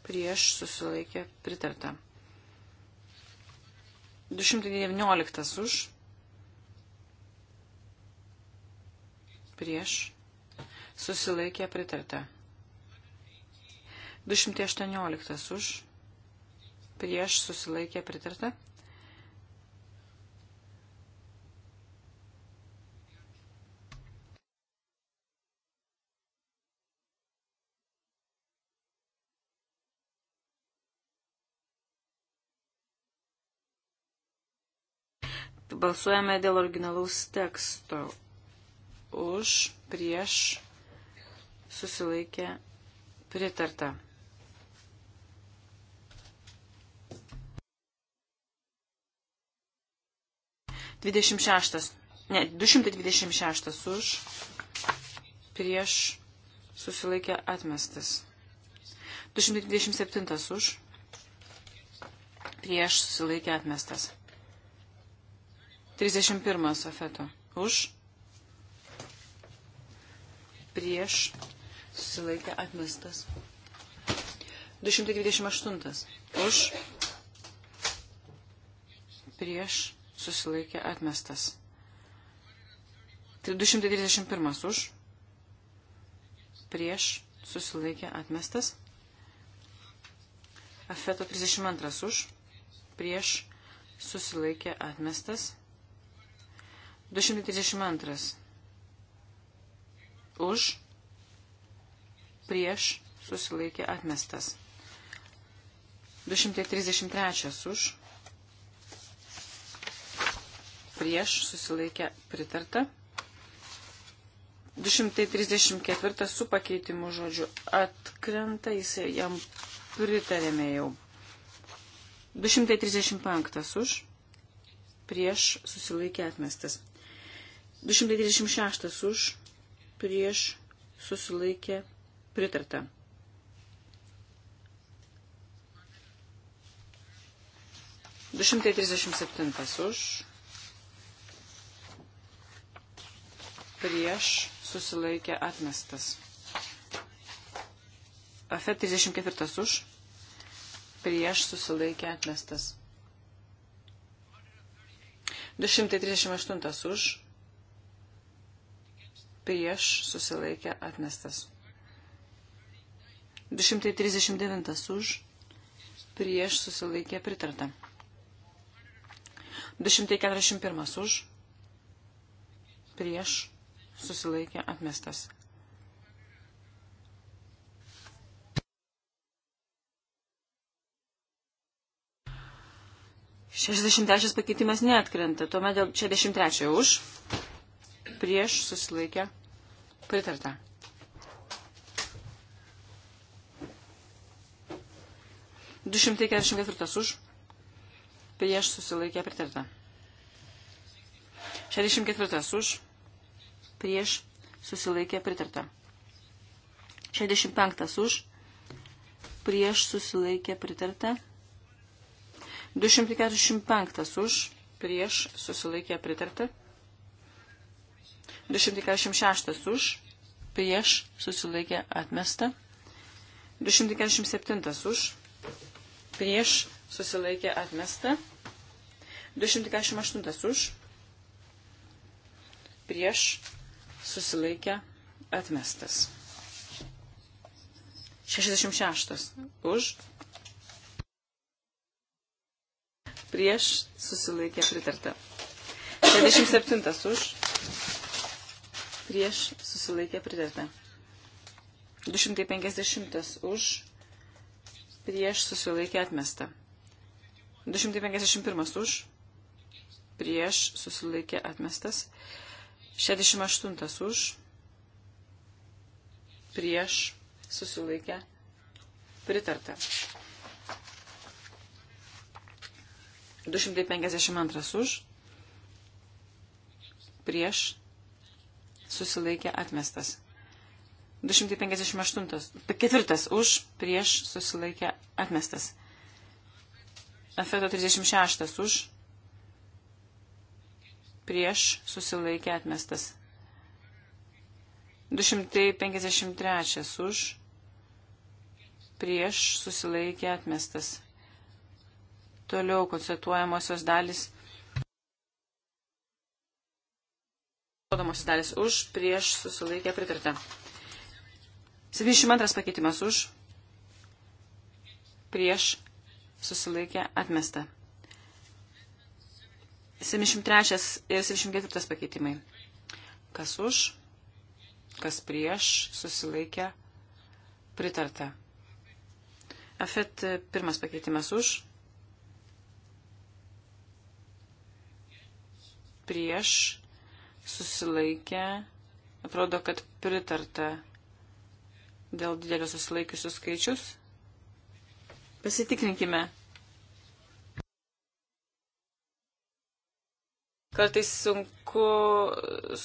prieš susilaikė pritarta. 219 už, prieš susilaikė pritarta. 218 už, prieš susilaikė pritarta. Balsuojame dėl originalaus teksto. Už, prieš, susilaikė, pritarta. Dvidešimt šeštas. Ne, 226 už, prieš, susilaikė, atmestas. 227 už, prieš, susilaikė, atmestas. 31 Safeto. Už. Prieš. Susilaikė atmestas. 228. Už. Prieš. Susilaikė atmestas. 231 už. Prieš. Susilaikė atmestas. Afeto 32 už. Prieš. Susilaikė atmestas. 232. Už, prieš, susilaikė atmestas. 233 už, prieš, susilaikė pritarta. 234 su pakeitimu žodžiu atkrenta, jis jam pritarėme jau. 235 už, prieš susilaikė atmestas. 226 už, prieš, susilaikė, pritarta. Du šimtai trisdešimt septintas už, prieš, susilaikė, atmestas. Afe 34 už, prieš, susilaikė, atmestas. 238 už, prieš susilaikė atmestas. 239 už, prieš susilaikė pritarta. 241 už, prieš susilaikė atmestas. Šešdešimt trečias pakeitimas neatkrenta, tuomet dėl šešdešimt trečiojo už, prieš susilaikė Pritarta. Du šimtai keturiasdešimt ketvirtas už. Prieš susilaikė pritarta. Šešiasdešimt ketvirtas už. Prieš susilaikė pritarta. Šešiasdešimt penktas už. Prieš susilaikė pritarta. 245 už, prieš susilaikė pritarta. 246 už, prieš susilaikė atmesta. 247 už, prieš susilaikė atmesta. 248 už, prieš susilaikė atmestas. 66 už, prieš susilaikė pritarta. 67 už, prieš susilaikė pritarta. 250 už, prieš susilaikė atmesta. 251 už, prieš susilaikė atmestas. 68 už, prieš susilaikė pritarta. 252 už, prieš susilaikė atmestas. 258. Ketvirtas už, prieš susilaikė atmestas. Afeto 36 už, prieš susilaikė atmestas. 253 už, prieš susilaikė atmestas. Toliau konstatuojamosios dalis Rodomosios dalis už, prieš susilaikę pritarta. 72 pakeitimas už, prieš susilaikę atmesta. 73 ir 74 pakeitimai. Kas už, kas prieš susilaikę pritarta. Afet pirmas pakeitimas už, prieš susilaikė, atrodo, kad pritarta dėl didelio susilaikiusių skaičius. Pasitikrinkime. Kartais sunku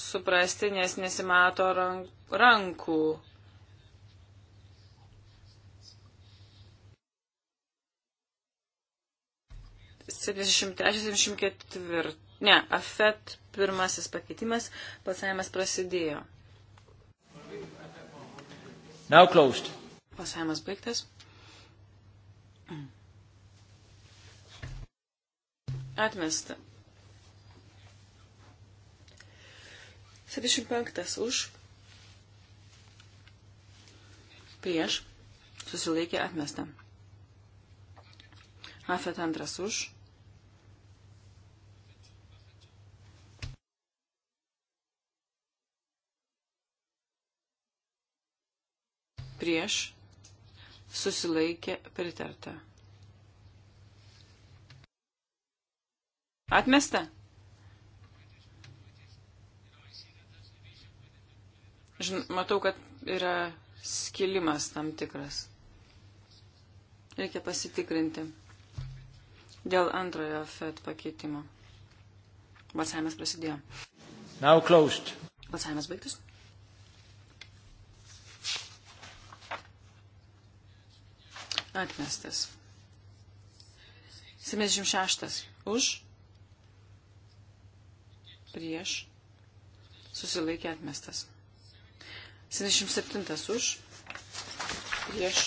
suprasti, nes nesimato rankų. Septyniasdešimt ketvirtas. Ne, afet pirmasis pakeitimas, pasavimas prasidėjo. Now closed. Pasavimas baigtas. Atmesta. 75 už. Prieš. Susilaikė atmesta. Afet antras už prieš, susilaikė pritarta. Atmesta. Žin, matau, kad yra skilimas tam tikras. Reikia pasitikrinti dėl antrojo FED pakeitimo. Balsavimas prasidėjo. Now closed. Balsavimas baigtas. Atmestas. 76. Už. Prieš. Susilaikė atmestas. 77. Už. Prieš.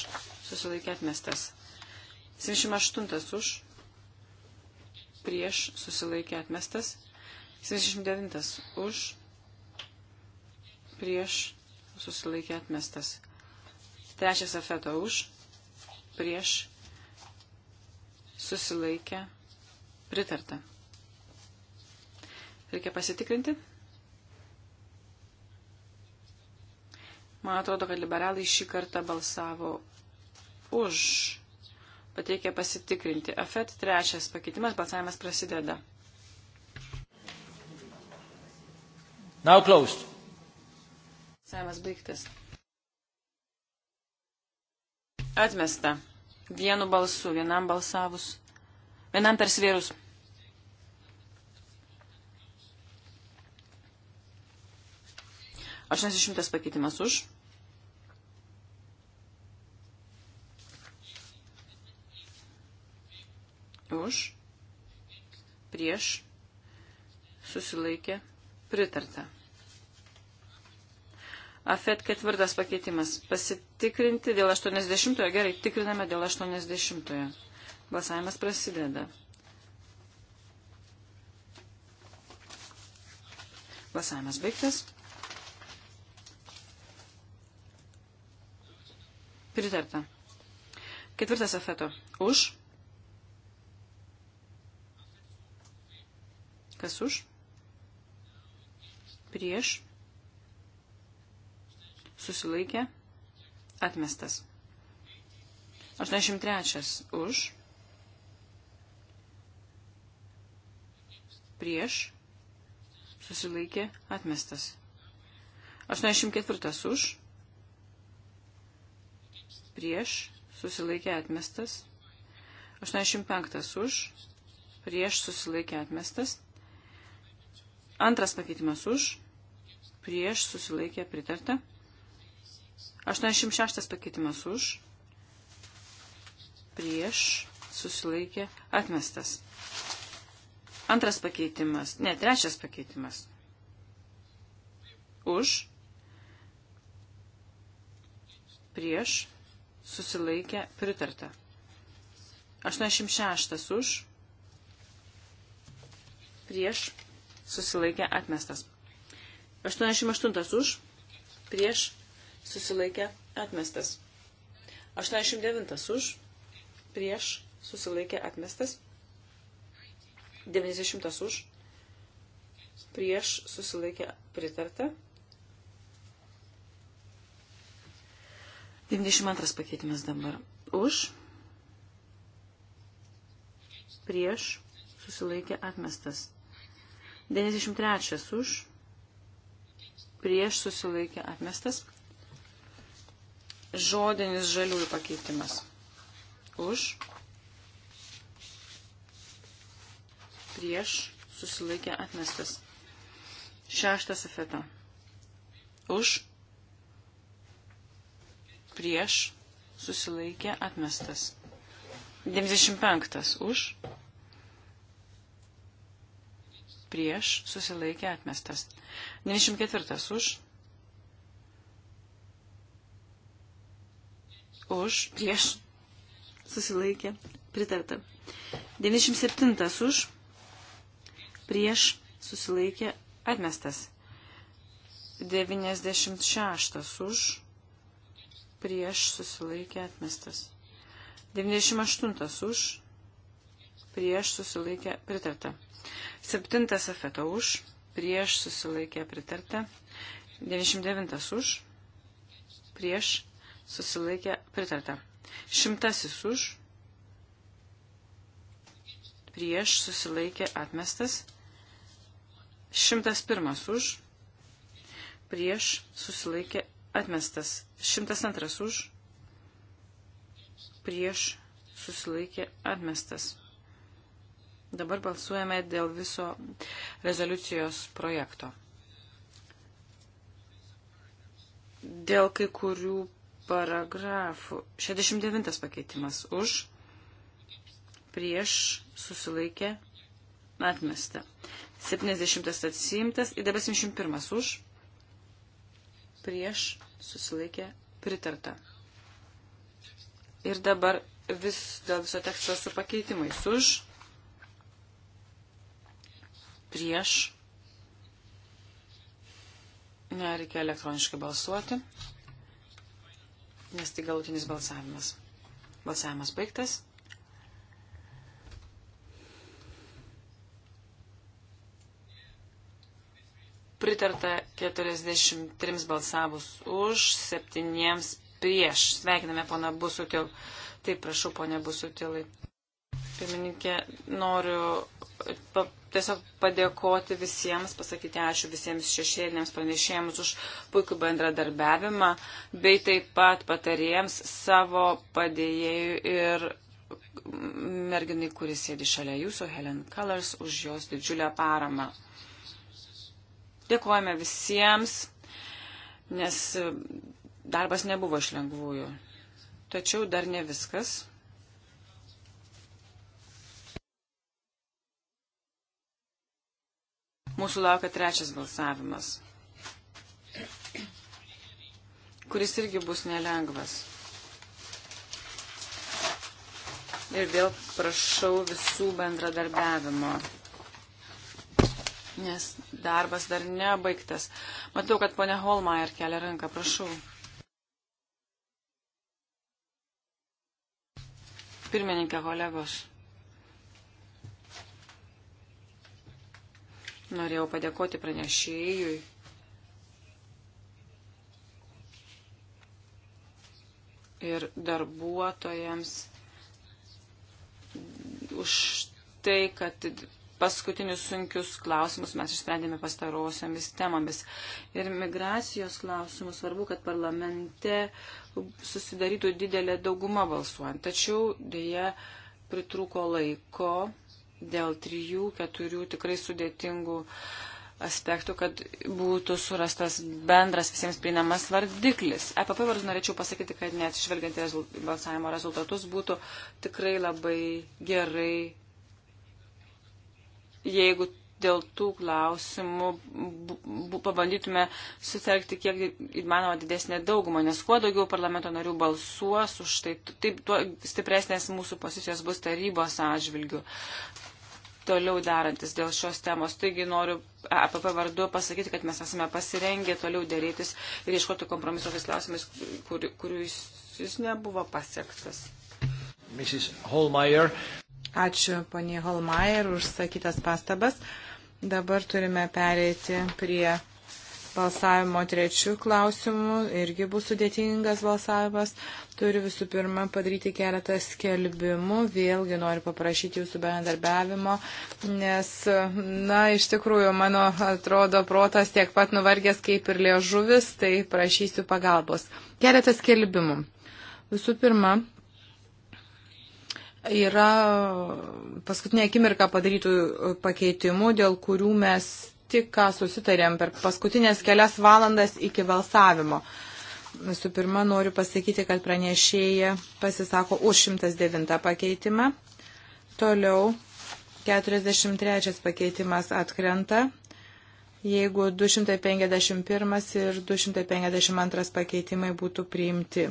Susilaikė atmestas. 78. Už. Prieš. Susilaikė atmestas. 79. Už. Prieš. Susilaikė atmestas. Trečias afeto už prieš, susilaikė, pritarta. Reikia pasitikrinti. Man atrodo, kad liberalai šį kartą balsavo už. Pateikia pasitikrinti. AFET trečias pakeitimas, balsavimas prasideda. Now closed. Balsavimas baigtas. Atmesta. Vienu balsu, vienam balsavus, vienam persvėrus. Aštuoniasdešimtas pakeitimas už. Už. Prieš. Susilaikė. Pritarta. Afet ketvirtas pakeitimas. Pasitikrinti dėl 80-ojo. Gerai, tikriname dėl 80-ojo. Balsavimas prasideda. Balsavimas baigtas. Pritarta. Ketvirtas afeto. Už. Kas už? Prieš susilaikė, atmestas. 83 už, prieš, susilaikė, atmestas. 84 už, prieš, susilaikė, atmestas. 85 už, prieš, susilaikė, atmestas. Antras pakeitimas už, prieš, susilaikė, pritarta. 86 pakeitimas už, prieš, susilaikė, atmestas. Antras pakeitimas, ne, trečias pakeitimas. Už, prieš, susilaikė, pritarta. 86 už, prieš, susilaikė, atmestas. 88 už, prieš, susilaikė atmestas. 89 už, prieš susilaikė atmestas. 90 už, prieš susilaikė pritarta. 92 pakeitimas dabar. Už, prieš susilaikė atmestas. 93 už, prieš susilaikė atmestas žodinis žaliųjų pakeitimas. Už. Prieš susilaikė atmestas. Šeštas afeta. Už. Prieš susilaikė atmestas. 95. Už. Prieš susilaikė atmestas. 94. Už už, prieš, susilaikė, pritarta. 97 už, prieš, susilaikė, atmestas. 96 už, prieš, susilaikė, atmestas. 98 už, prieš, susilaikė, pritarta. 7 afeto už, prieš, susilaikė, pritarta. 99 už, prieš, susilaikė pritarta. Šimtasis už, prieš susilaikė atmestas. Šimtas pirmas už, prieš susilaikė atmestas. Šimtas antras už, prieš susilaikė atmestas. Dabar balsuojame dėl viso rezoliucijos projekto. Dėl kai kurių paragrafų. 69 pakeitimas už, prieš, susilaikė, atmesta. 70 atsiimtas, į dabar 71 už, prieš, susilaikė, pritarta. Ir dabar vis, dėl viso teksto su pakeitimais už, prieš, nereikia elektroniškai balsuoti nes tai galutinis balsavimas. Balsavimas baigtas. Pritarta 43 balsavus už, 7 prieš. Sveikiname pana Busutil. Taip, prašau, ponia Busutilai. Pirmininkė, noriu tiesiog padėkoti visiems, pasakyti ačiū visiems šešėliniams pranešėjams už puikų bendradarbiavimą, bei taip pat patarėjams savo padėjėjų ir merginai, kuris sėdi šalia jūsų, Helen Colors, už jos didžiulę paramą. Dėkojame visiems, nes darbas nebuvo iš lengvųjų. Tačiau dar ne viskas. Mūsų laukia trečias balsavimas, kuris irgi bus nelengvas. Ir vėl prašau visų bendradarbiavimo, nes darbas dar nebaigtas. Matau, kad ponia Holmaier kelia ranką, prašau. Pirmininkė kolegos. Norėjau padėkoti pranešėjui. Ir darbuotojams už tai, kad paskutinius sunkius klausimus mes išsprendėme pastarosiomis temomis. Ir migracijos klausimus svarbu, kad parlamente susidarytų didelė dauguma balsuojant. Tačiau dėja pritrūko laiko dėl trijų, keturių tikrai sudėtingų aspektų, kad būtų surastas bendras visiems prieinamas vardiklis. EPP vardu norėčiau pasakyti, kad net išvelgiant į rezult, balsavimo rezultatus būtų tikrai labai gerai, jeigu dėl tų klausimų bu, bu, pabandytume sutelkti kiek įmanoma didesnė daugumą, nes kuo daugiau parlamento narių balsuos už tai, taip, tuo stipresnės mūsų pozicijos bus tarybos atžvilgių toliau darantis dėl šios temos. Taigi noriu APP vardu pasakyti, kad mes esame pasirengę toliau dėrėtis ir ieškoti kompromiso tais klausimais, kur, kurių jis, jis nebuvo pasiektas. Mrs. Holmeier. Ačiū, ponė Holmeier, už sakytas pastabas. Dabar turime pereiti prie balsavimo trečių klausimų, irgi bus sudėtingas balsavimas. Turiu visų pirma padaryti keletą skelbimų, vėlgi noriu paprašyti jūsų bendarbiavimo, nes, na, iš tikrųjų, mano atrodo protas tiek pat nuvargęs kaip ir liežuvis, tai prašysiu pagalbos. Keletą skelbimų. Visų pirma, yra paskutinė akimirka padarytų pakeitimų, dėl kurių mes tik ką susitarėm per paskutinės kelias valandas iki balsavimo. Visų pirma, noriu pasakyti, kad pranešėja pasisako už 109 pakeitimą. Toliau 43 pakeitimas atkrenta, jeigu 251 ir 252 pakeitimai būtų priimti.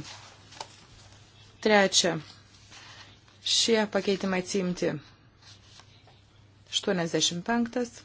Trečia. Šie pakeitimai atsimti. 85.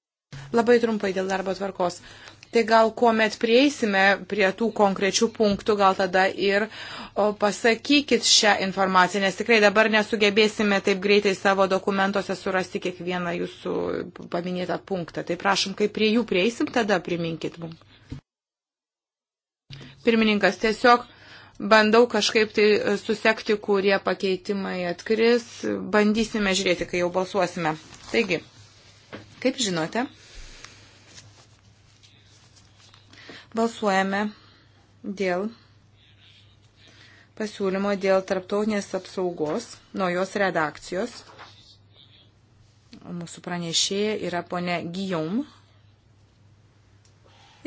Labai trumpai dėl darbo tvarkos. Tai gal kuomet prieisime prie tų konkrečių punktų, gal tada ir o, pasakykit šią informaciją, nes tikrai dabar nesugebėsime taip greitai savo dokumentuose surasti kiekvieną jūsų paminėtą punktą. Tai prašom, kai prie jų prieisim, tada priminkit mums. Pirmininkas tiesiog bandau kažkaip tai e, susekti, kurie pakeitimai atkris, bandysime žiūrėti, kai jau balsuosime. Taigi, kaip žinote, Balsuojame dėl pasiūlymo dėl tarptautinės apsaugos naujos redakcijos. Mūsų pranešėja yra ponė Gijom.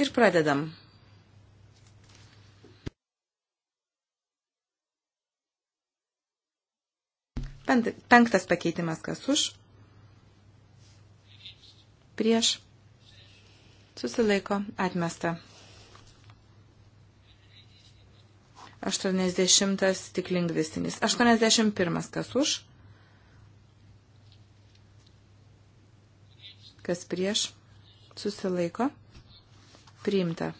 Ir pradedam. Penktas pakeitimas kas už. Prieš. Susilaiko. Atmesta. 80 tik lingvistinis. 81 kas už, kas prieš, susilaiko, priimta.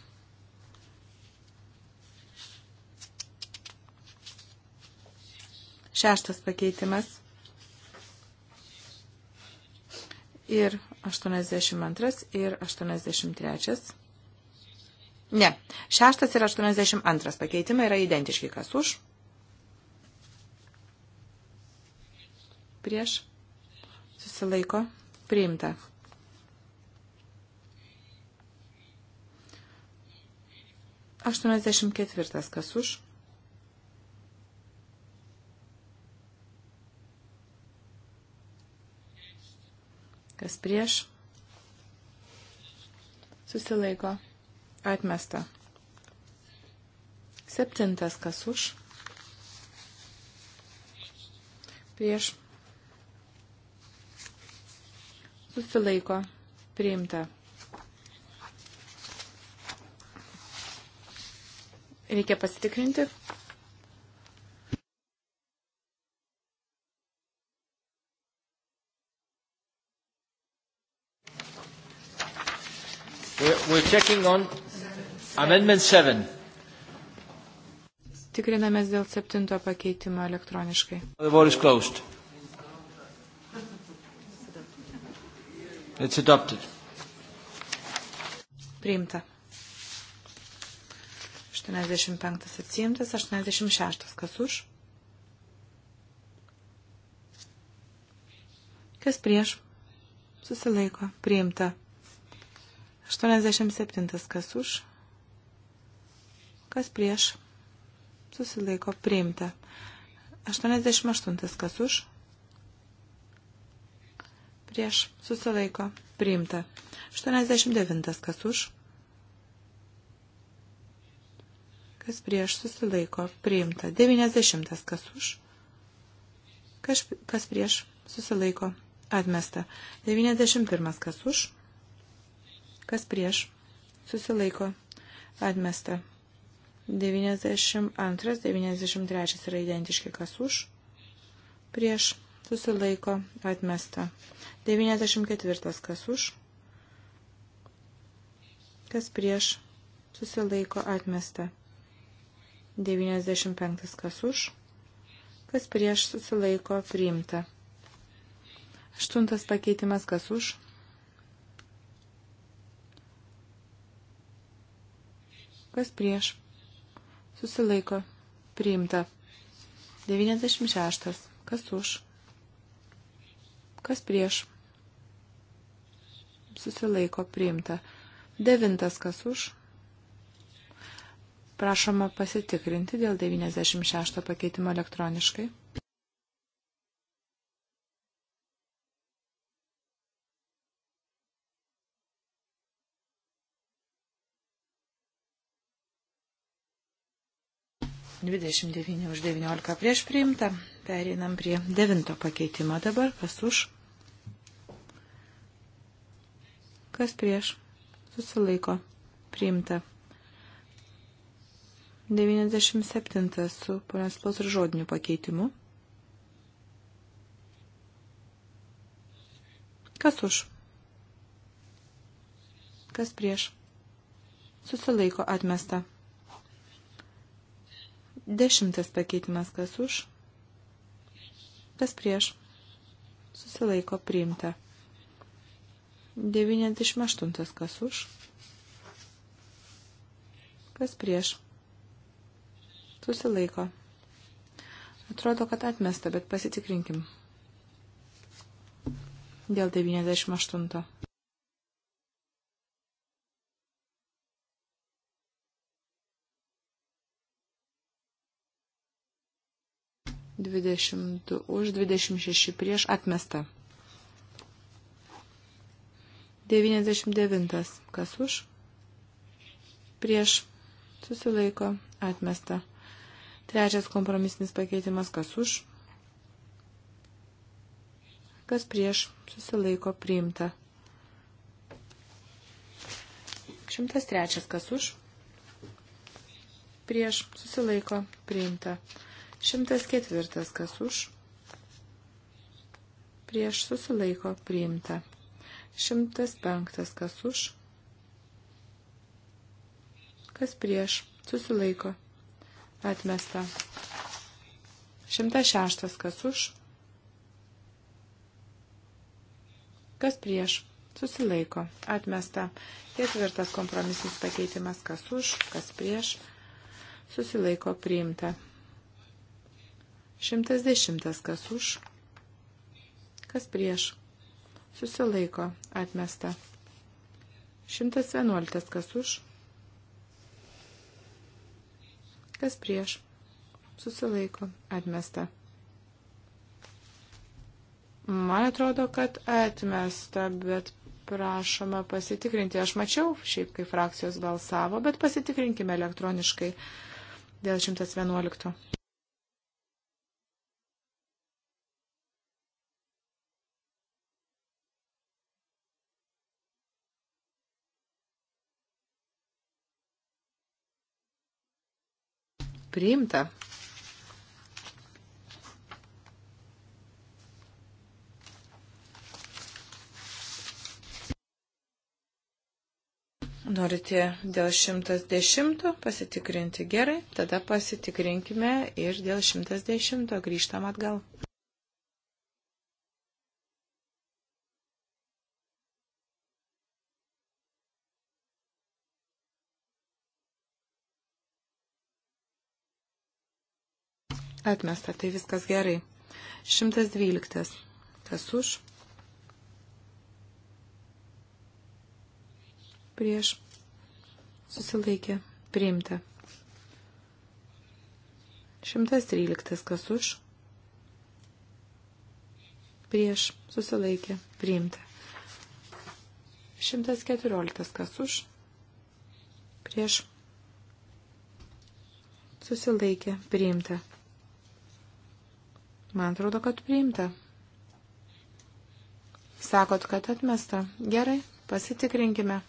Šeštas pakeitimas. Ir 82 ir 83. Ne. Šeštas ir 82 pakeitimai yra identiški. Kas už? Prieš. Susilaiko. Priimta. Aštuoniasdešimt ketvirtas. Kas už? Kas prieš? Susilaiko. Atmesta. Septintas kas už. Prieš. Susilaiko. Priimta. Reikia pasitikrinti. checking on amendment 7. Tikrinamės dėl septinto pakeitimo elektroniškai. The vote is closed. It's adopted. Priimta. 85 atsiimtas, 86 kas už. Kas prieš? Susilaiko. Priimta. 87. Kas už? Kas prieš? Susilaiko priimta. 88. Kas už? Prieš. Susilaiko priimta. 89. Kas už? Kas prieš? Susilaiko priimta. 90. Kas už? Kas, kas prieš? Susilaiko atmesta. 91. Kas už? Kas prieš? Susilaiko. Atmesta. 92, 93 yra identiški. Kas už? Prieš. Susilaiko. Atmesta. 94. Kas už? Kas prieš? Susilaiko. Atmesta. 95. Kas už? Kas prieš? Susilaiko. Priimta. Aštuntas pakeitimas. Kas už? kas prieš, susilaiko, priimta. 96. Kas už, kas prieš, susilaiko, priimta. 9. Kas už, prašoma pasitikrinti dėl 96 pakeitimo elektroniškai. 29 už 19 prieš priimta. Pereinam prie devinto pakeitimo dabar. Kas už? Kas prieš? Susilaiko. Priimta. 97 su ponios ir žodiniu pakeitimu. Kas už? Kas prieš? Susilaiko atmesta. Dešimtas pakeitimas kas už, kas prieš, susilaiko priimta. 98 kas už, kas prieš, susilaiko. Atrodo, kad atmesta, bet pasitikrinkim. Dėl 98. 20 už, 26 prieš atmesta. 99. Kas už? Prieš susilaiko atmesta. Trečias kompromisinis pakeitimas. Kas už? Kas prieš susilaiko priimta. 103. Kas už? Prieš susilaiko priimta. 104. Kas už? Prieš susilaiko priimta. 105. Kas už? Kas prieš? Susilaiko. Atmesta. 106. Kas už? Kas prieš? Susilaiko. Atmesta. Ketvirtas kompromisinis pakeitimas. Kas už? Kas prieš? Susilaiko priimta. 110 kas už, kas prieš, susilaiko, atmesta. 111 kas už, kas prieš, susilaiko, atmesta. Man atrodo, kad atmesta, bet prašoma pasitikrinti. Aš mačiau šiaip, kai frakcijos balsavo, bet pasitikrinkime elektroniškai dėl 111. priimta. Norite dėl 110 pasitikrinti gerai, tada pasitikrinkime ir dėl 110 grįžtam atgal. Atmesta, tai viskas gerai. 112. Kas už? Prieš. Susilaikė. Priimta. 113. Kas už? Prieš. Susilaikė. Priimta. 114. Kas už? Prieš. Susilaikė. Priimta. Man atrodo, kad priimta. Sakot, kad atmesta. Gerai, pasitikrinkime.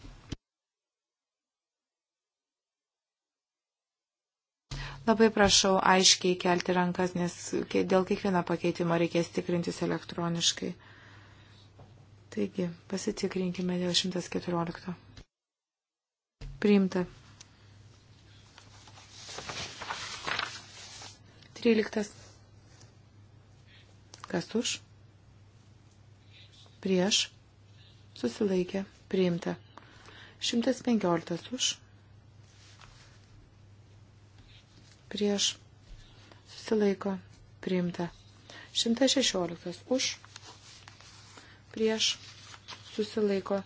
Labai prašau aiškiai kelti rankas, nes dėl kiekvieno pakeitimo reikės tikrintis elektroniškai. Taigi, pasitikrinkime dėl 114. Priimta. 13. Kas už? Prieš. Susilaikė. Priimta. 115 už. Prieš. Susilaiko. Priimta. 116 už. Prieš. Susilaiko.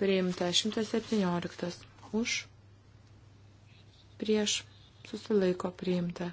Priimta. 117 už. Prieš. Susilaiko. Priimta.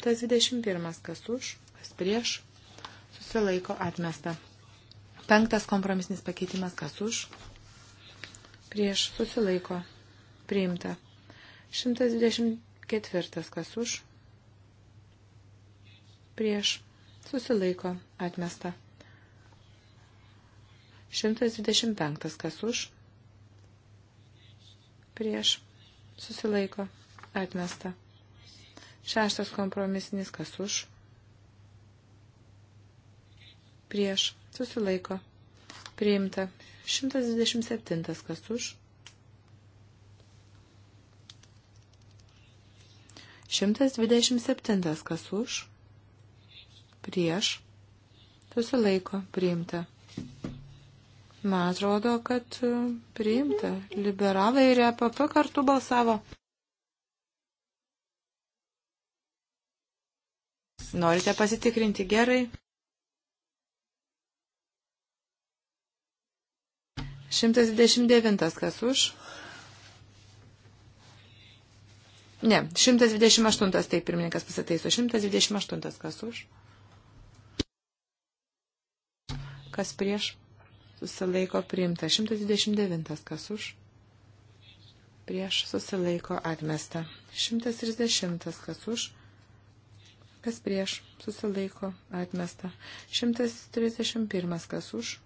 121. Kas už, kas prieš, susilaiko atmesta. Penktas kompromisinis pakeitimas. Kas už, prieš, susilaiko priimta. 124. Kas už, prieš, susilaiko atmesta. 125. Kas už, prieš, susilaiko atmesta. Šeštas kompromisinis, kas už, prieš, susilaiko, priimta. 127, kas už. 127, kas už, prieš, susilaiko, priimta. Man atrodo, kad e, priimta. Liberalai ir EPP kartu balsavo. Norite pasitikrinti gerai? 129 kas už? Ne, 128 taip pirmininkas pasitaiso. 128 kas už? Kas prieš? Susilaiko priimta. 129 kas už? Prieš susilaiko atmesta. 130 kas už? kas prieš, susilaiko, atmesta. 131, kas už,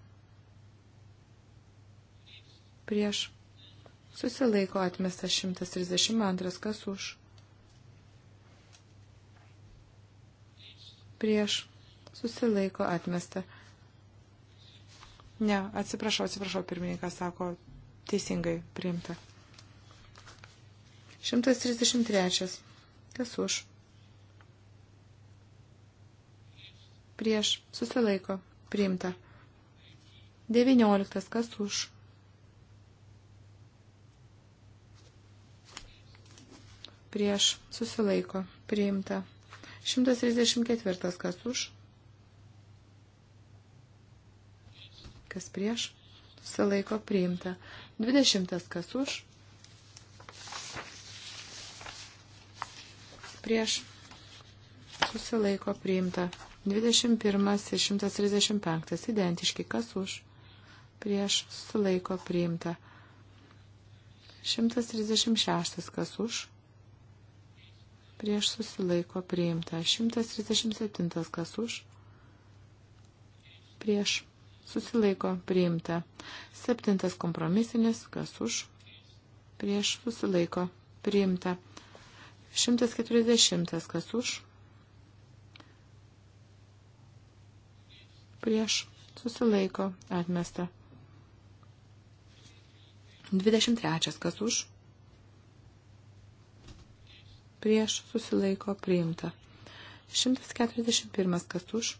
prieš, susilaiko, atmesta. 132, kas už, prieš, susilaiko, atmesta. Ne, atsiprašau, atsiprašau, pirmininkas sako, teisingai priimta. 133, kas už. prieš susilaiko priimta. 19. Kas už? Prieš susilaiko priimta. 134. Kas už? Kas prieš? Susilaiko priimta. 20. Kas už? Prieš susilaiko priimta. 21 ir 135 identiški, kas už, prieš sulaiko priimta. 136 kas už, prieš susilaiko priimta. 137 kas už, prieš susilaiko priimta. 7 kompromisinis kas už, prieš susilaiko priimta. 140 kas už, prieš susilaiko atmesta. 23. Kas už? Prieš susilaiko priimta. 141. Kas už?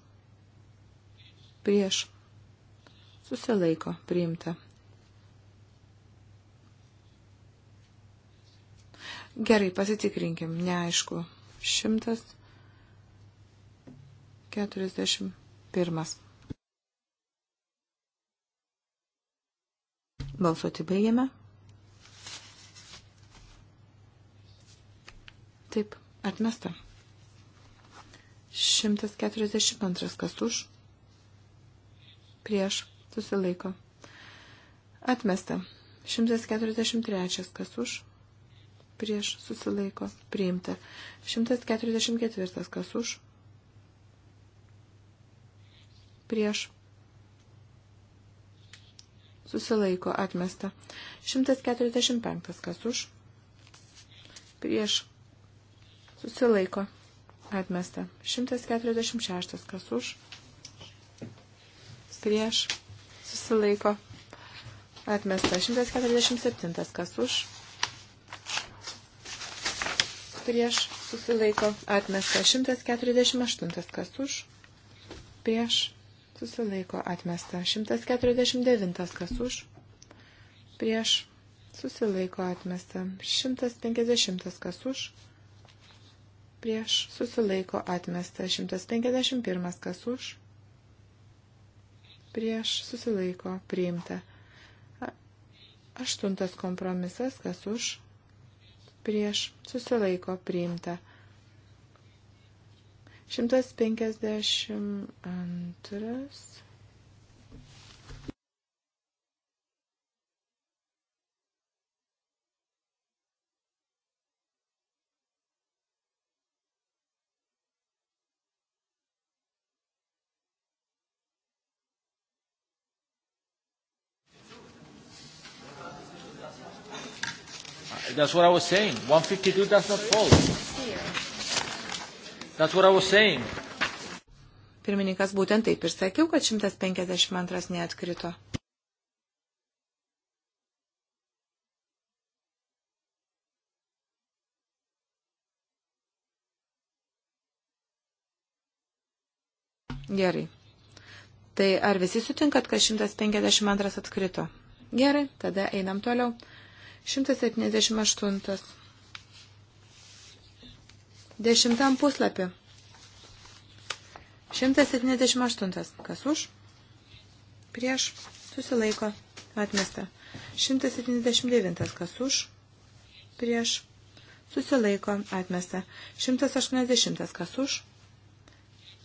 Prieš susilaiko priimta. Gerai, pasitikrinkim, neaišku. 141. Balsuoti baigiame. Taip, atmesta. 142 kas už. Prieš susilaiko. Atmesta. 143 kas už. Prieš susilaiko. Priimta. 144 kas už. Prieš susilaiko atmesta. 145 kas už, prieš susilaiko atmesta. 146 kas už, prieš susilaiko atmesta. 147 kas už, prieš susilaiko atmesta. 148 kas už, prieš susilaiko atmesta. 149 kas už, prieš, susilaiko atmesta. 150 kas už, prieš, susilaiko atmesta. 151 kas už, prieš, susilaiko priimta. Aštuntas kompromisas kas už, prieš, susilaiko priimta. 152. That's what I was saying. 152 does not fall. Pirmininkas būtent taip ir sakiau, kad 152 neatkrito. Gerai. Tai ar visi sutinkat, kad 152 atkrito? Gerai, tada einam toliau. 178. Dešimtam puslapį. 178. Kas už? Prieš. Susilaiko. Atmesta. 179. Kas už? Prieš. Susilaiko. Atmesta. 180. Kas už?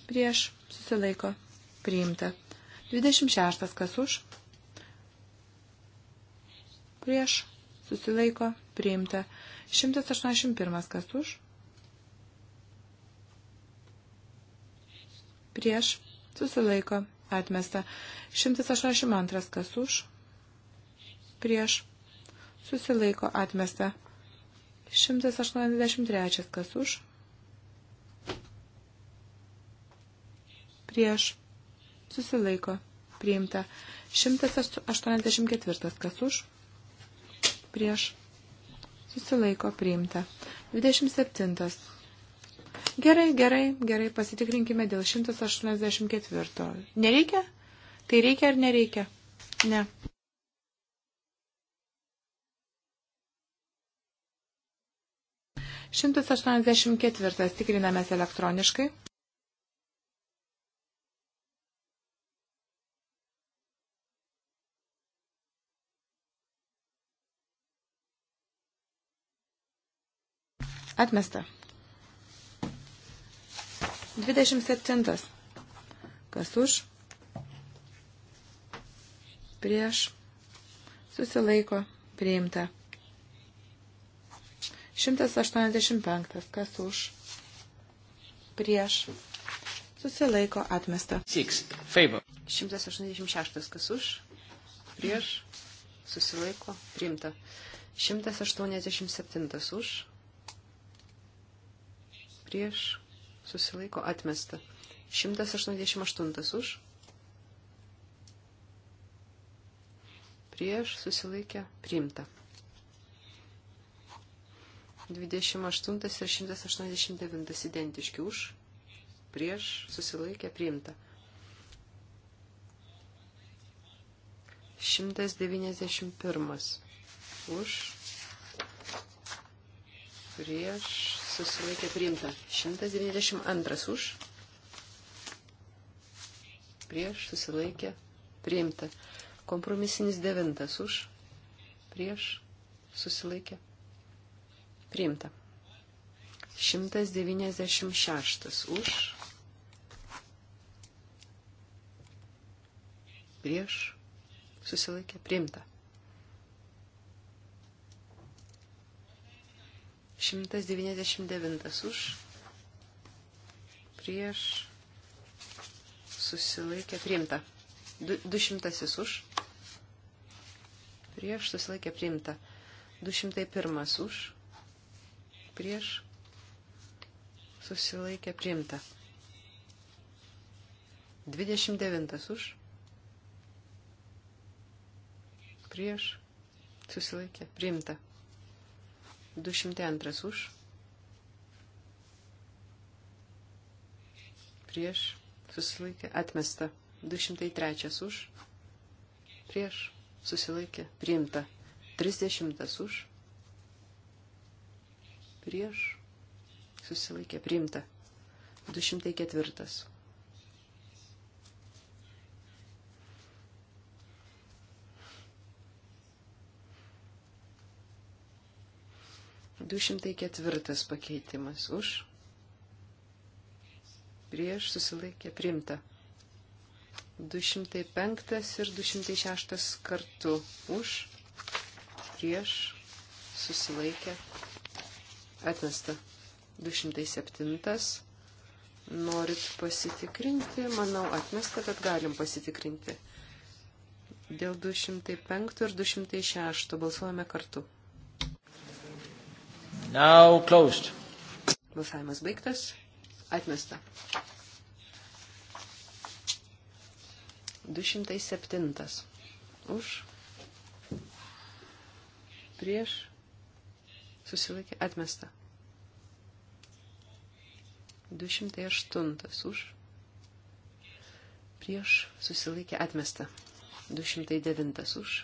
Prieš. Susilaiko. Priimta. 26. Kas už? Prieš. Susilaiko. Priimta. 181. Kas už? prieš, susilaiko, atmesta. 182 kas už, prieš, susilaiko, atmesta. 183 kas už, prieš, susilaiko, priimta. 184 kas už, prieš, susilaiko, priimta. 27 Gerai, gerai, gerai, pasitikrinkime dėl 184. Nereikia? Tai reikia ar nereikia? Ne. Šimtas aštuoniasdešimt ketvirtas tikrinamės elektroniškai. Atmesta. 27. Kas už? Prieš. Susilaiko. Priimta. 185. Kas už? Prieš. Susilaiko. Atmesta. 6. Favor. 186. Kas už? Prieš. Susilaiko. Priimta. 187 už. Prieš susilaiko atmesta. 188 už. Prieš susilaikė priimta. 28 ir 189 identiški už. Prieš susilaikė priimta. 191 už. Prieš susilaikė priimta. 192 už, prieš susilaikė priimta. Kompromisinis 9 už, prieš susilaikė priimta. 196 už, prieš susilaikė priimta. 199 už, prieš, susilaikė, priimta. 200 už, prieš, susilaikė, priimta. 201 už, prieš, susilaikė, priimta. 29 už, prieš, susilaikė, priimta. 202 už. Prieš. Susilaikė. Atmesta. 203 už. Prieš. Susilaikė. Priimta. 30 už. Prieš. Susilaikė. Priimta. 204. 204 pakeitimas už, prieš susilaikė primta. 205 ir 206 kartu už, prieš susilaikė atmesta. 207 norit pasitikrinti, manau atmesta, bet galim pasitikrinti. Dėl 205 ir 206 balsuojame kartu. Now closed. Balsavimas baigtas. Atmesta. 207. Už. Prieš. Susilaikė. Atmesta. 208. Už. Prieš. Susilaikė. Atmesta. 209. Už.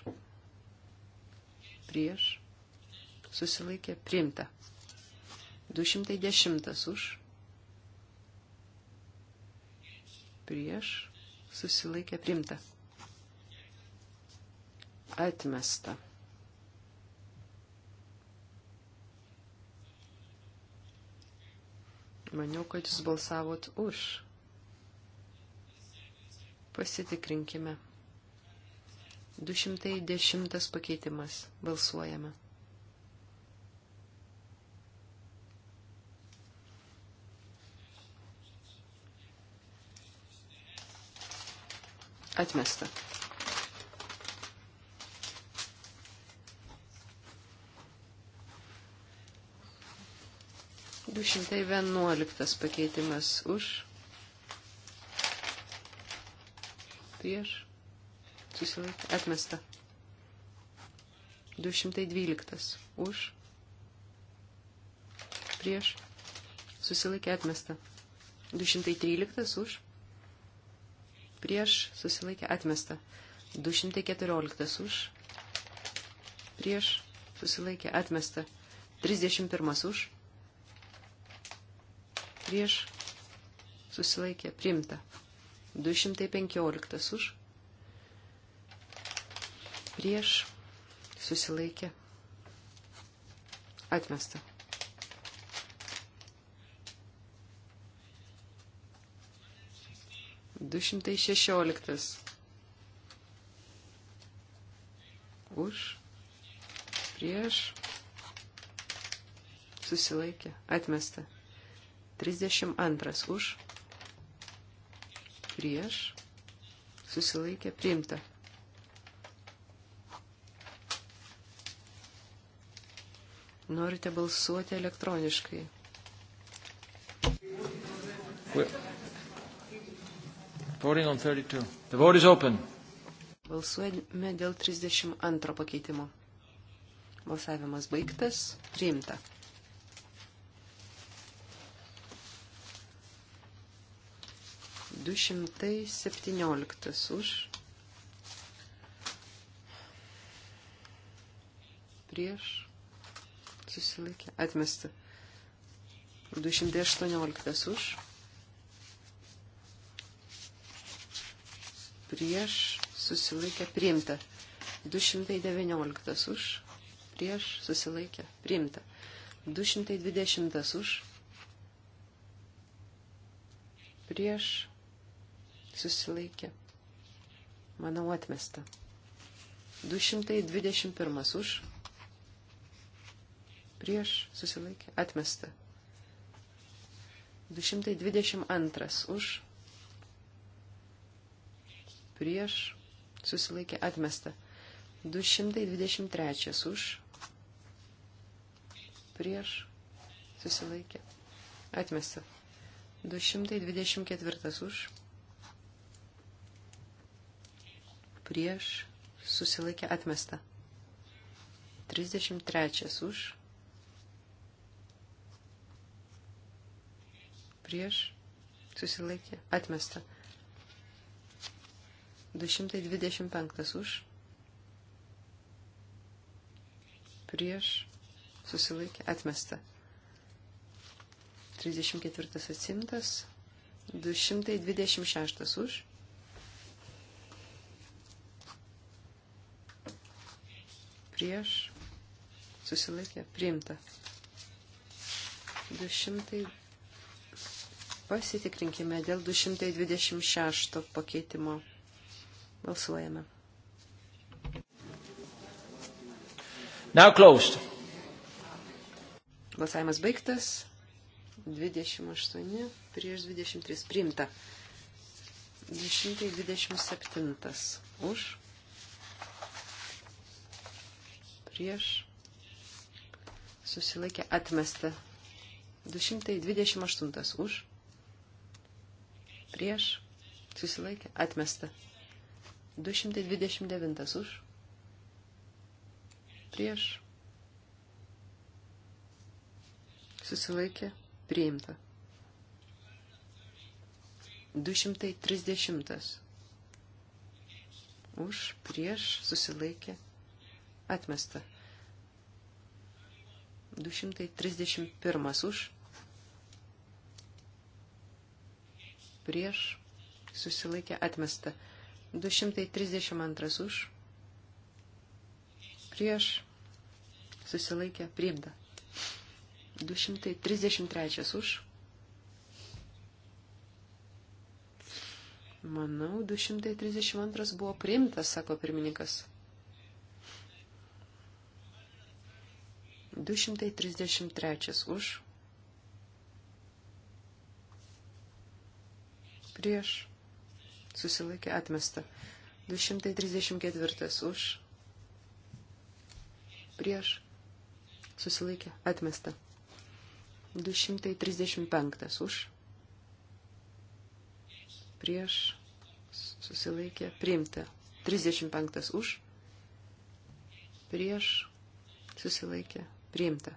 Prieš susilaikė priimta. 210 už, prieš, susilaikė priimta. Atmesta. Maniau, kad jūs balsavot už. Pasitikrinkime. 210 pakeitimas. Balsuojame. Atmesta. Du šimtai vienuoliktas pakeitimas už. Prieš. Susilaikė. Atmesta. 212 už. Prieš. Susilaikė atmesta. 213 už prieš susilaikė atmesta. 214 už, prieš susilaikė atmesta. 31 už, prieš susilaikė primta. 215 už, prieš susilaikė atmesta. 216. Už, prieš, susilaikė, atmesta. 32. Už, prieš, susilaikė, priimta. Norite balsuoti elektroniškai. Well. Voting on 32. The vote is open. Balsuojame dėl 32 pakeitimo. Balsavimas baigtas. Priimta. Du šimtai septynioliktas už. Prieš. Susilaikė. Atmesta. Du šimtai aštuonioliktas už. prieš susilaikę priimta. 219 už, prieš susilaikę priimta. 220 už, prieš susilaikę. Manau atmesta. 221 už, prieš susilaikę atmesta. 222 už prieš, susilaikė atmesta. 223 už, prieš, susilaikė atmesta. 224 už, prieš, susilaikė atmesta. 33 už, prieš, susilaikė atmesta. 225 už. Prieš susilaikė atmesta. 34 atsimtas. 226 už. Prieš susilaikė priimta. 200. Pasitikrinkime dėl 226 pakeitimo. Balsuojame. Now closed. Balsavimas baigtas. 28 prieš 23 priimta. 127 už. Prieš. Susilaikė atmesta. 228 už. Prieš. Susilaikė atmesta. 229 už. Prieš. Susilaikė. Priimta. 230. Už. Prieš. Susilaikė. Atmesta. 231 už. Prieš. Susilaikė. Atmesta. 232 232 už, prieš, susilaikė, priimta. 233 už. Manau, 232 buvo priimtas, sako pirmininkas. 233 už. Prieš susilaikė atmesta. 234 už, prieš, susilaikė atmesta. 235 už, prieš, susilaikė priimta. 35 už, prieš, susilaikė priimta.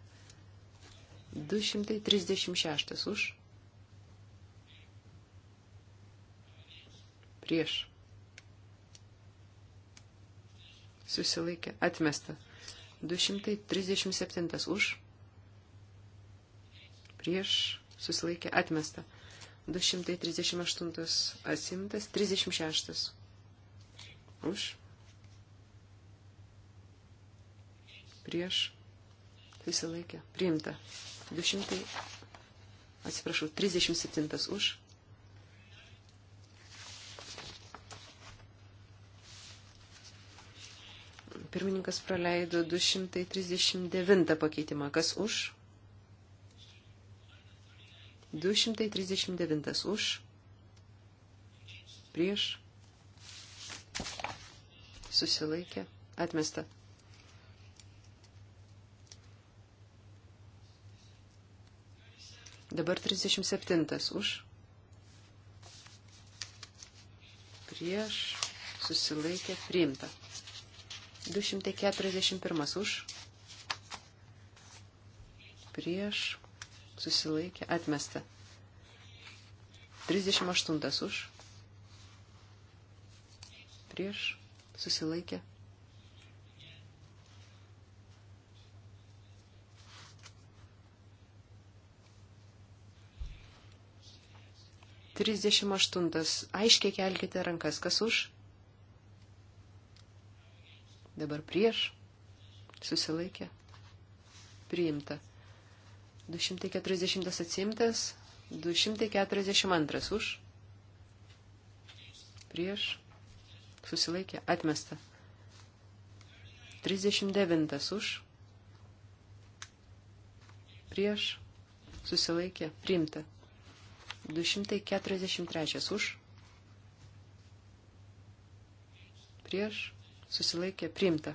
236 už prieš. Susilaikė. Atmesta. 237 už. Prieš. Susilaikė. Atmesta. 238 atsimtas. 36 už. Prieš. Susilaikė. Priimta. 200. Atsiprašau. 37 už Pirmininkas praleido 239 pakeitimą. Kas už? 239 už. Prieš. Susilaikė. Atmesta. Dabar 37 už. Prieš. Susilaikė. Priimta. 241 už, prieš, susilaikė, atmesta. 38 už, prieš, susilaikė. Trisdešimt aštuntas. Aiškiai kelkite rankas, kas už? Dabar prieš. Susilaikė. Priimta. 240 atsimtas. 242 už. Prieš. Susilaikė. Atmesta. 39 už. Prieš. Susilaikė. Priimta. 243 už. Prieš susilaikė priimta.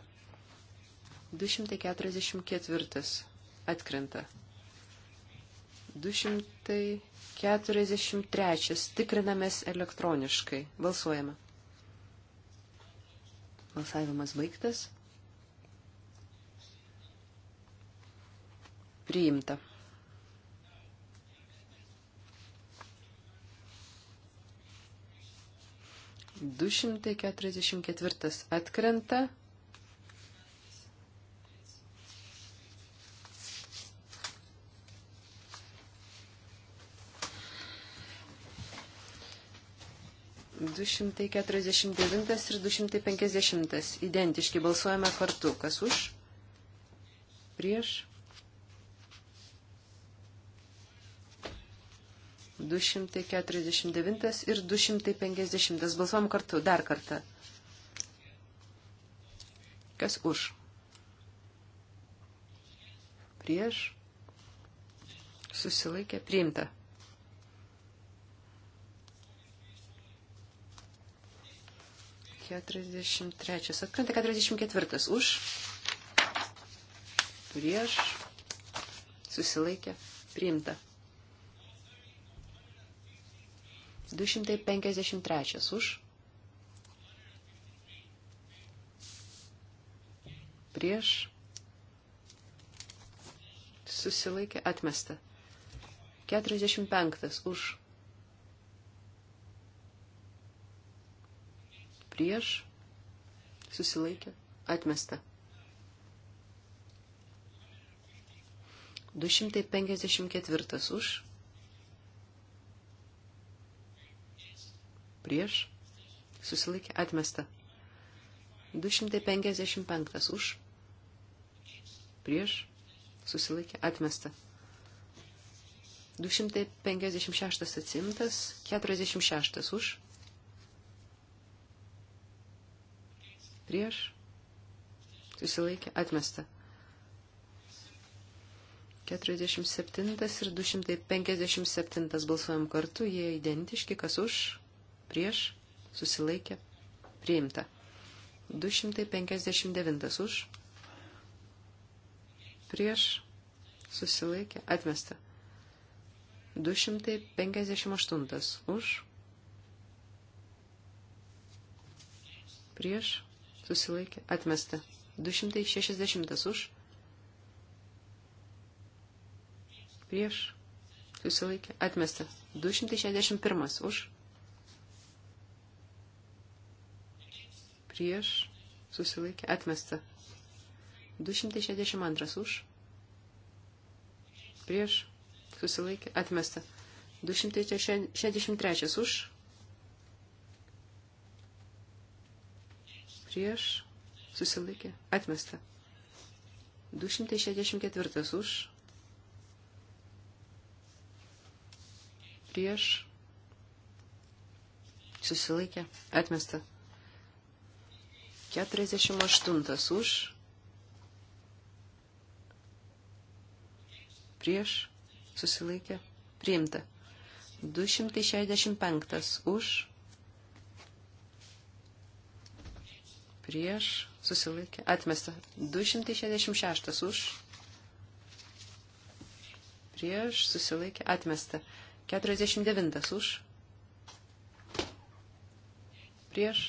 244 atkrenta. 243 tikrinamės elektroniškai. Balsuojame. Balsavimas baigtas. Priimta. 244 atkrenta. Du šimtai keturiasdešimt devintas ir du šimtai penkiasdešimtas. Identiški balsuojame kartu. Kas už? Prieš? 249 ir 250. Balsuom kartu, dar kartą. Kas už? Prieš. Susilaikė, priimta. Keturiasdešimt trečias. Atkrenta keturiasdešimt ketvirtas. Už. Prieš. Susilaikė, priimta. 253 už. Prieš. Susilaikė atmesta. 45 už. Prieš. Susilaikė atmesta. 254 už prieš, susilaikė, atmesta. 255 už, prieš, susilaikė, atmesta. 256 atsimtas, 46 už, prieš, susilaikė, atmesta. 47 ir 257 balsuojam kartu, jie identiški, kas už, prieš, susilaikė, priimta. 259 už, prieš, susilaikė, atmesta. 258 už, prieš, susilaikė, atmesta. 260 už, prieš, susilaikė, atmesta. 261 už, prieš, susilaikė, atmesta. 262 už, prieš, susilaikė, atmesta. 263 už, prieš, susilaikė, atmesta. 264 už, prieš, susilaikė, atmesta. 48 už, prieš, susilaikė, priimta. 265 už, prieš, susilaikė, atmesta. 266 už, prieš, susilaikė, atmesta. 49 už, prieš,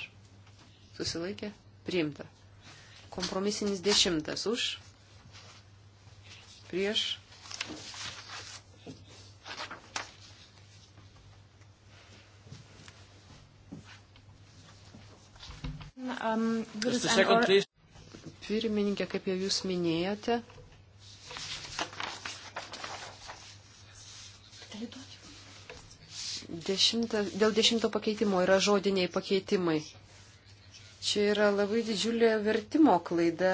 susilaikė, priimta. Kompromisinis dešimtas už, prieš. Um, second, Pirmininkė, kaip jau jūs minėjote. Dešimta, dėl dešimto pakeitimo yra žodiniai pakeitimai. Čia yra labai didžiulė vertimo klaida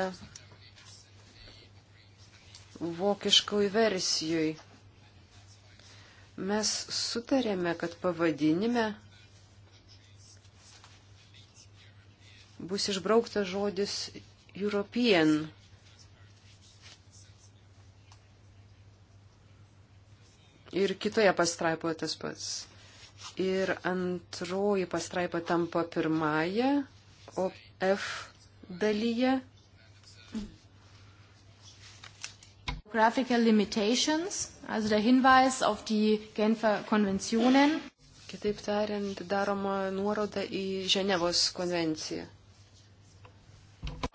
vokiškoj versijoj. Mes sutarėme, kad pavadinime bus išbraukta žodis European. Ir kitoje pastraipoje tas pats. Ir antroji pastraipa tampa pirmąją o F dalyje. Graphical limitations, also der Hinweis auf die Genfer Konventionen. Kitaip tariant, daroma nuoroda į Ženevos konvenciją.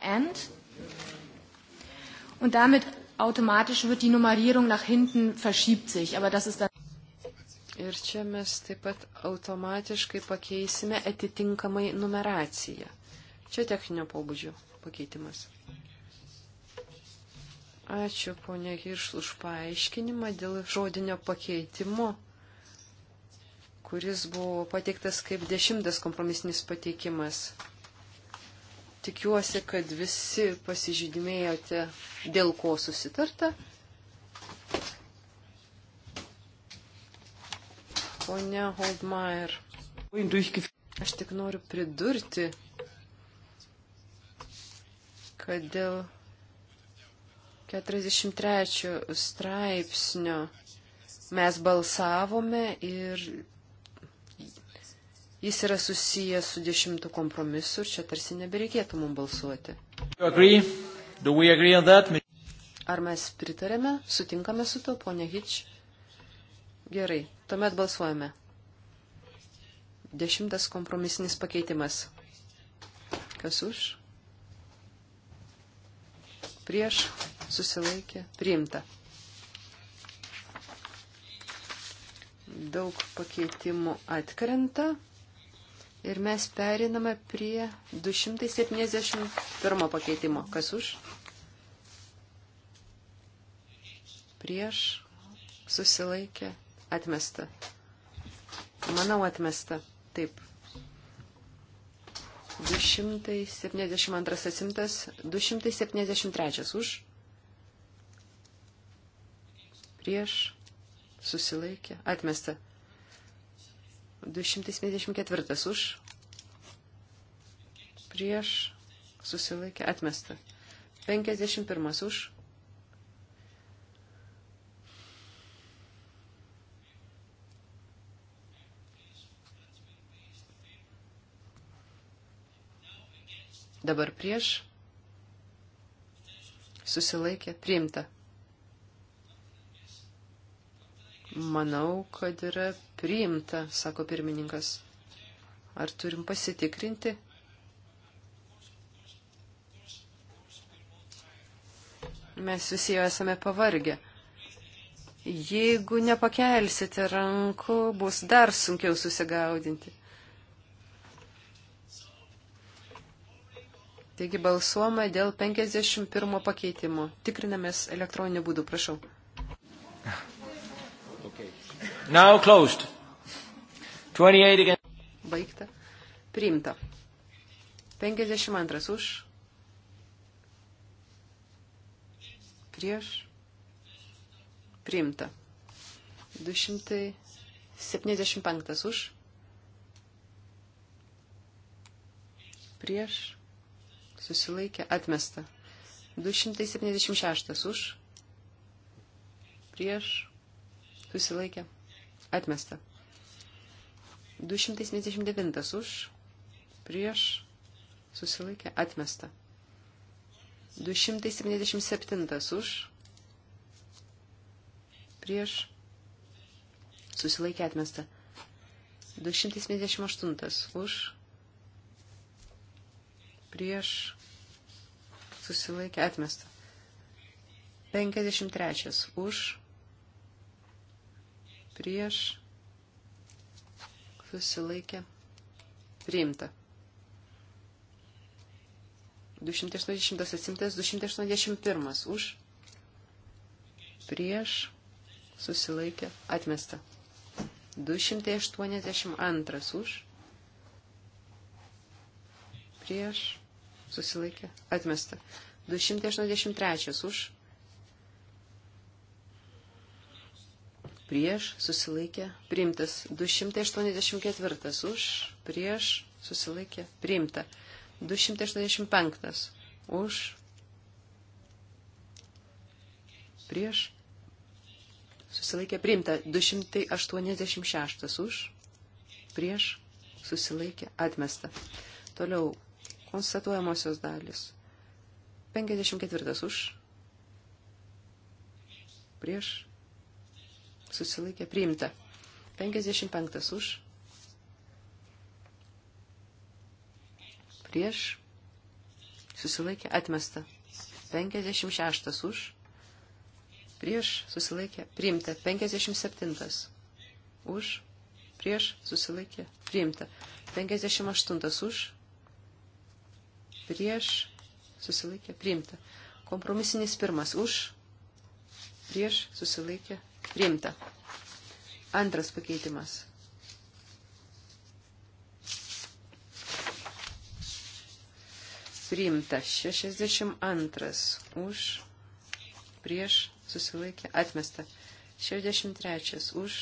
And. Und damit automatisch wird die Nummerierung nach hinten verschiebt sich, aber das ist dann. Ir čia mes taip pat automatiškai pakeisime atitinkamai numeraciją. Čia techninio pobūdžio pakeitimas. Ačiū, ponė Hirš, už paaiškinimą dėl žodinio pakeitimo, kuris buvo pateiktas kaip dešimtas kompromisinis pateikimas. Tikiuosi, kad visi pasižydimėjote, dėl ko susitarta. Pone Holdmeier. Aš tik noriu pridurti, kad dėl 43 straipsnio mes balsavome ir jis yra susijęs su dešimtu kompromisu ir čia tarsi nebereikėtų mums balsuoti. Ar mes pritarėme, sutinkame su to, ponia Hitch? Gerai, tuomet balsuojame. Dešimtas kompromisinis pakeitimas. Kas už? prieš, susilaikė, priimta. Daug pakeitimų atkrenta ir mes periname prie 271 pakeitimo. Kas už? Prieš, susilaikė, atmesta. Manau, atmesta. Taip. 272 atsimtas, 273 už, prieš, susilaikė, atmesta. 274 už, prieš, susilaikė, atmesta. 51 už, dabar prieš, susilaikė, priimta. Manau, kad yra priimta, sako pirmininkas. Ar turim pasitikrinti? Mes visi jau esame pavargę. Jeigu nepakelsite rankų, bus dar sunkiau susigaudinti. Taigi balsuoma dėl 51 pakeitimo. Tikrinamės elektroniniu būdu, prašau. Now closed. 28 again. Baigta. Priimta. 52 už. Prieš. Priimta. 275 už. Prieš susilaikė, atmesta. 276 už, prieš, susilaikė, atmesta. 279 už, prieš, susilaikė, atmesta. 277 už, prieš, susilaikė, atmesta. 278 už, prieš, susilaikė atmesta. 53 už, prieš, susilaikė priimta. 280 atsimtas, 281 už, prieš, susilaikė atmesta. 282 už, prieš, susilaikė, atmesta. 283 už, prieš, susilaikė, priimtas. 284 už, prieš, susilaikė, priimta. 285 už, prieš, susilaikė, priimta. 286 už, prieš, susilaikė, atmesta. Toliau Konstatuojamosios dalis. 54 už. Prieš. Susilaikė. Priimta. 55 už. Prieš. Susilaikė. Atmesta. 56 už. Prieš. Susilaikė. Priimta. 57 už. Prieš. Susilaikė. Priimta. 58 už prieš, susilaikė, priimta. Kompromisinis pirmas už, prieš, susilaikė, priimta. Antras pakeitimas. Priimta 62 už, prieš, susilaikė, atmesta. 63 už,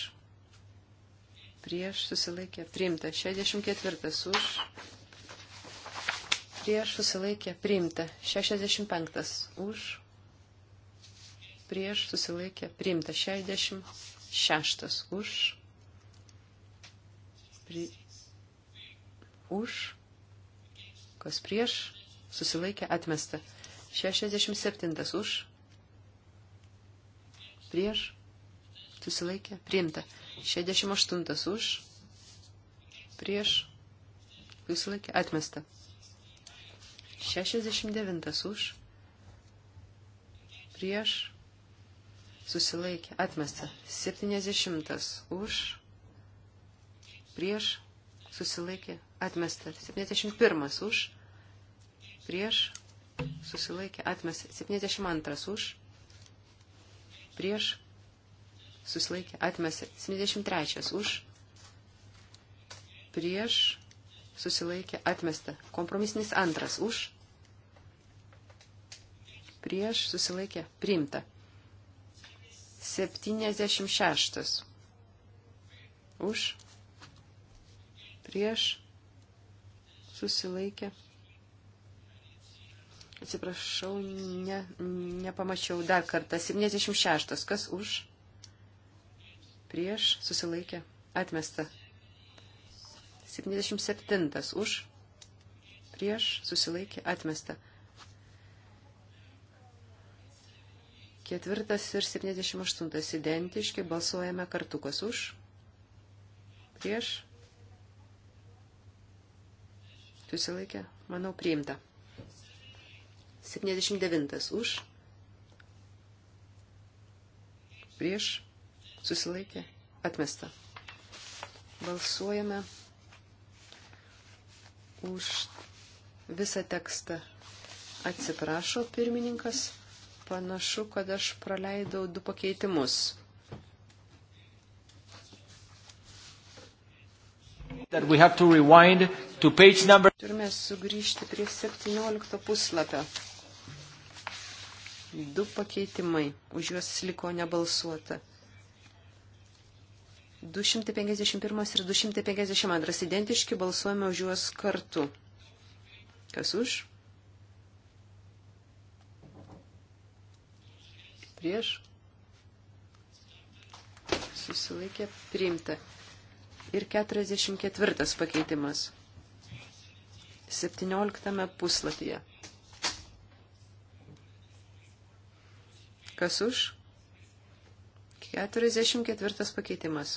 prieš, susilaikė, priimta. 64 už, prieš susilaikė priimta. 65 už, prieš susilaikė priimta. 66 už, pri, už, kas prieš susilaikė atmesta. 67 už, prieš susilaikė priimta. 68 už, prieš susilaikė atmesta. 69 už, prieš, susilaikė, atmesta. 70 už, prieš, susilaikė, atmesta. 71 už, prieš, susilaikė, atmesta. 72 už, prieš, susilaikė, atmesta. 73 už, prieš, susilaikė, atmesta. Kompromisinis antras už, prieš, susilaikė, priimta. 76 už, prieš, susilaikė. Atsiprašau, ne, nepamačiau dar kartą. 76. Kas už? Prieš susilaikė. Atmesta. 77 už, prieš, susilaikė, atmesta. Ketvirtas ir 78 identiški, balsuojame kartu, kas už, prieš, susilaikė, manau, priimta. 79 už, prieš, susilaikė, atmesta. Balsuojame už visą tekstą. Atsiprašo pirmininkas, panašu, kad aš praleidau du pakeitimus. To to number... Turime sugrįžti prie 17 puslapio. Du pakeitimai, už juos liko nebalsuota. 251 ir 252 identiški, balsuojame už juos kartu. Kas už? Prieš? Susilaikė priimta. Ir 44 pakeitimas. 17 puslapyje. Kas už? 44 pakeitimas.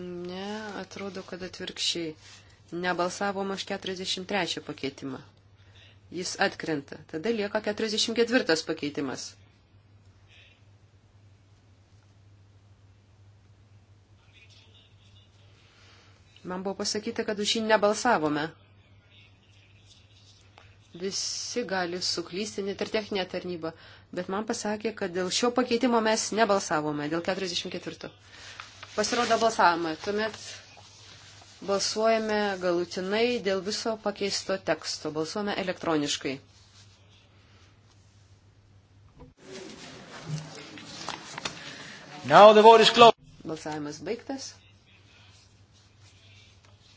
Ne, atrodo, kad atvirkščiai. Nebalsavom už 43 pakeitimą. Jis atkrenta. Tada lieka 44 pakeitimas. Man buvo pasakyta, kad už jį nebalsavome. Visi gali suklysti, net ir techninė tarnyba. Bet man pasakė, kad dėl šio pakeitimo mes nebalsavome, dėl 44 pasirodo balsavimai. Tuomet balsuojame galutinai dėl viso pakeisto teksto. Balsuojame elektroniškai. Balsavimas baigtas.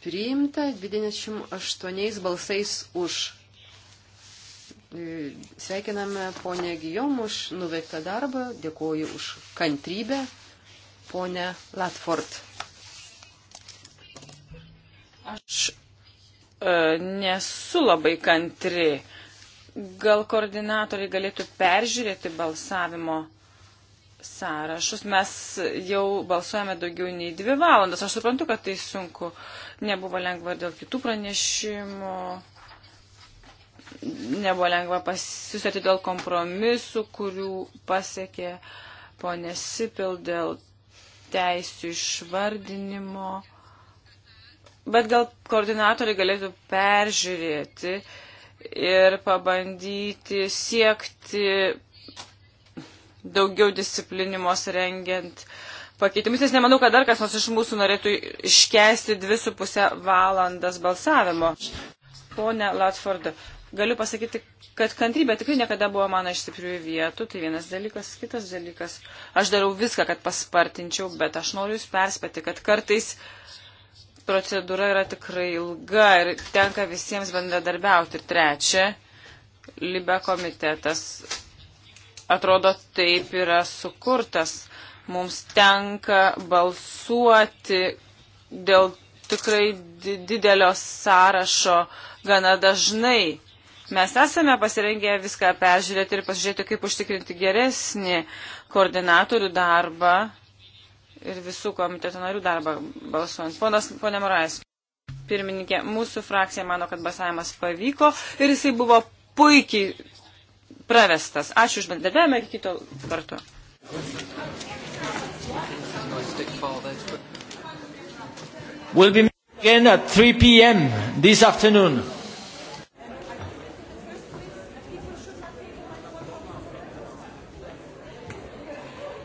Priimta 28 balsais už. E, Sveikiname ponę Gijom už nuveiktą darbą, dėkoju už kantrybę ponę Latford. Aš e, nesu labai kantri. Gal koordinatoriai galėtų peržiūrėti balsavimo sąrašus. Mes jau balsuojame daugiau nei dvi valandas. Aš suprantu, kad tai sunku. Nebuvo lengva ir dėl kitų pranešimų nebuvo lengva pasisėti dėl kompromisų, kurių pasiekė ponė Sipil dėl teisų išvardinimo. Bet gal koordinatoriai galėtų peržiūrėti ir pabandyti siekti daugiau disciplinimos rengiant pakeitimus, nes nemanau, kad dar kas nors iš mūsų norėtų iškesti dvi su pusę valandas balsavimo. Pone Latford, galiu pasakyti, kad kantrybė tikrai niekada buvo mano iš stipriųjų vietų, tai vienas dalykas, kitas dalykas. Aš darau viską, kad paspartinčiau, bet aš noriu Jūs perspėti, kad kartais procedūra yra tikrai ilga ir tenka visiems bendradarbiauti. Ir trečia, Libe komitetas atrodo taip yra sukurtas. Mums tenka balsuoti dėl tikrai didelio sąrašo gana dažnai. Mes esame pasirengę viską peržiūrėti ir pasižiūrėti, kaip užtikrinti geresnį koordinatorių darbą ir visų komiteto narių darbą balsuojant. Ponas, ponė Morais, pirmininkė, mūsų frakcija mano, kad balsavimas pavyko ir jisai buvo puikiai pravestas. Ačiū už bendradavimą iki kito karto. We'll be again at 3 p.m. this afternoon.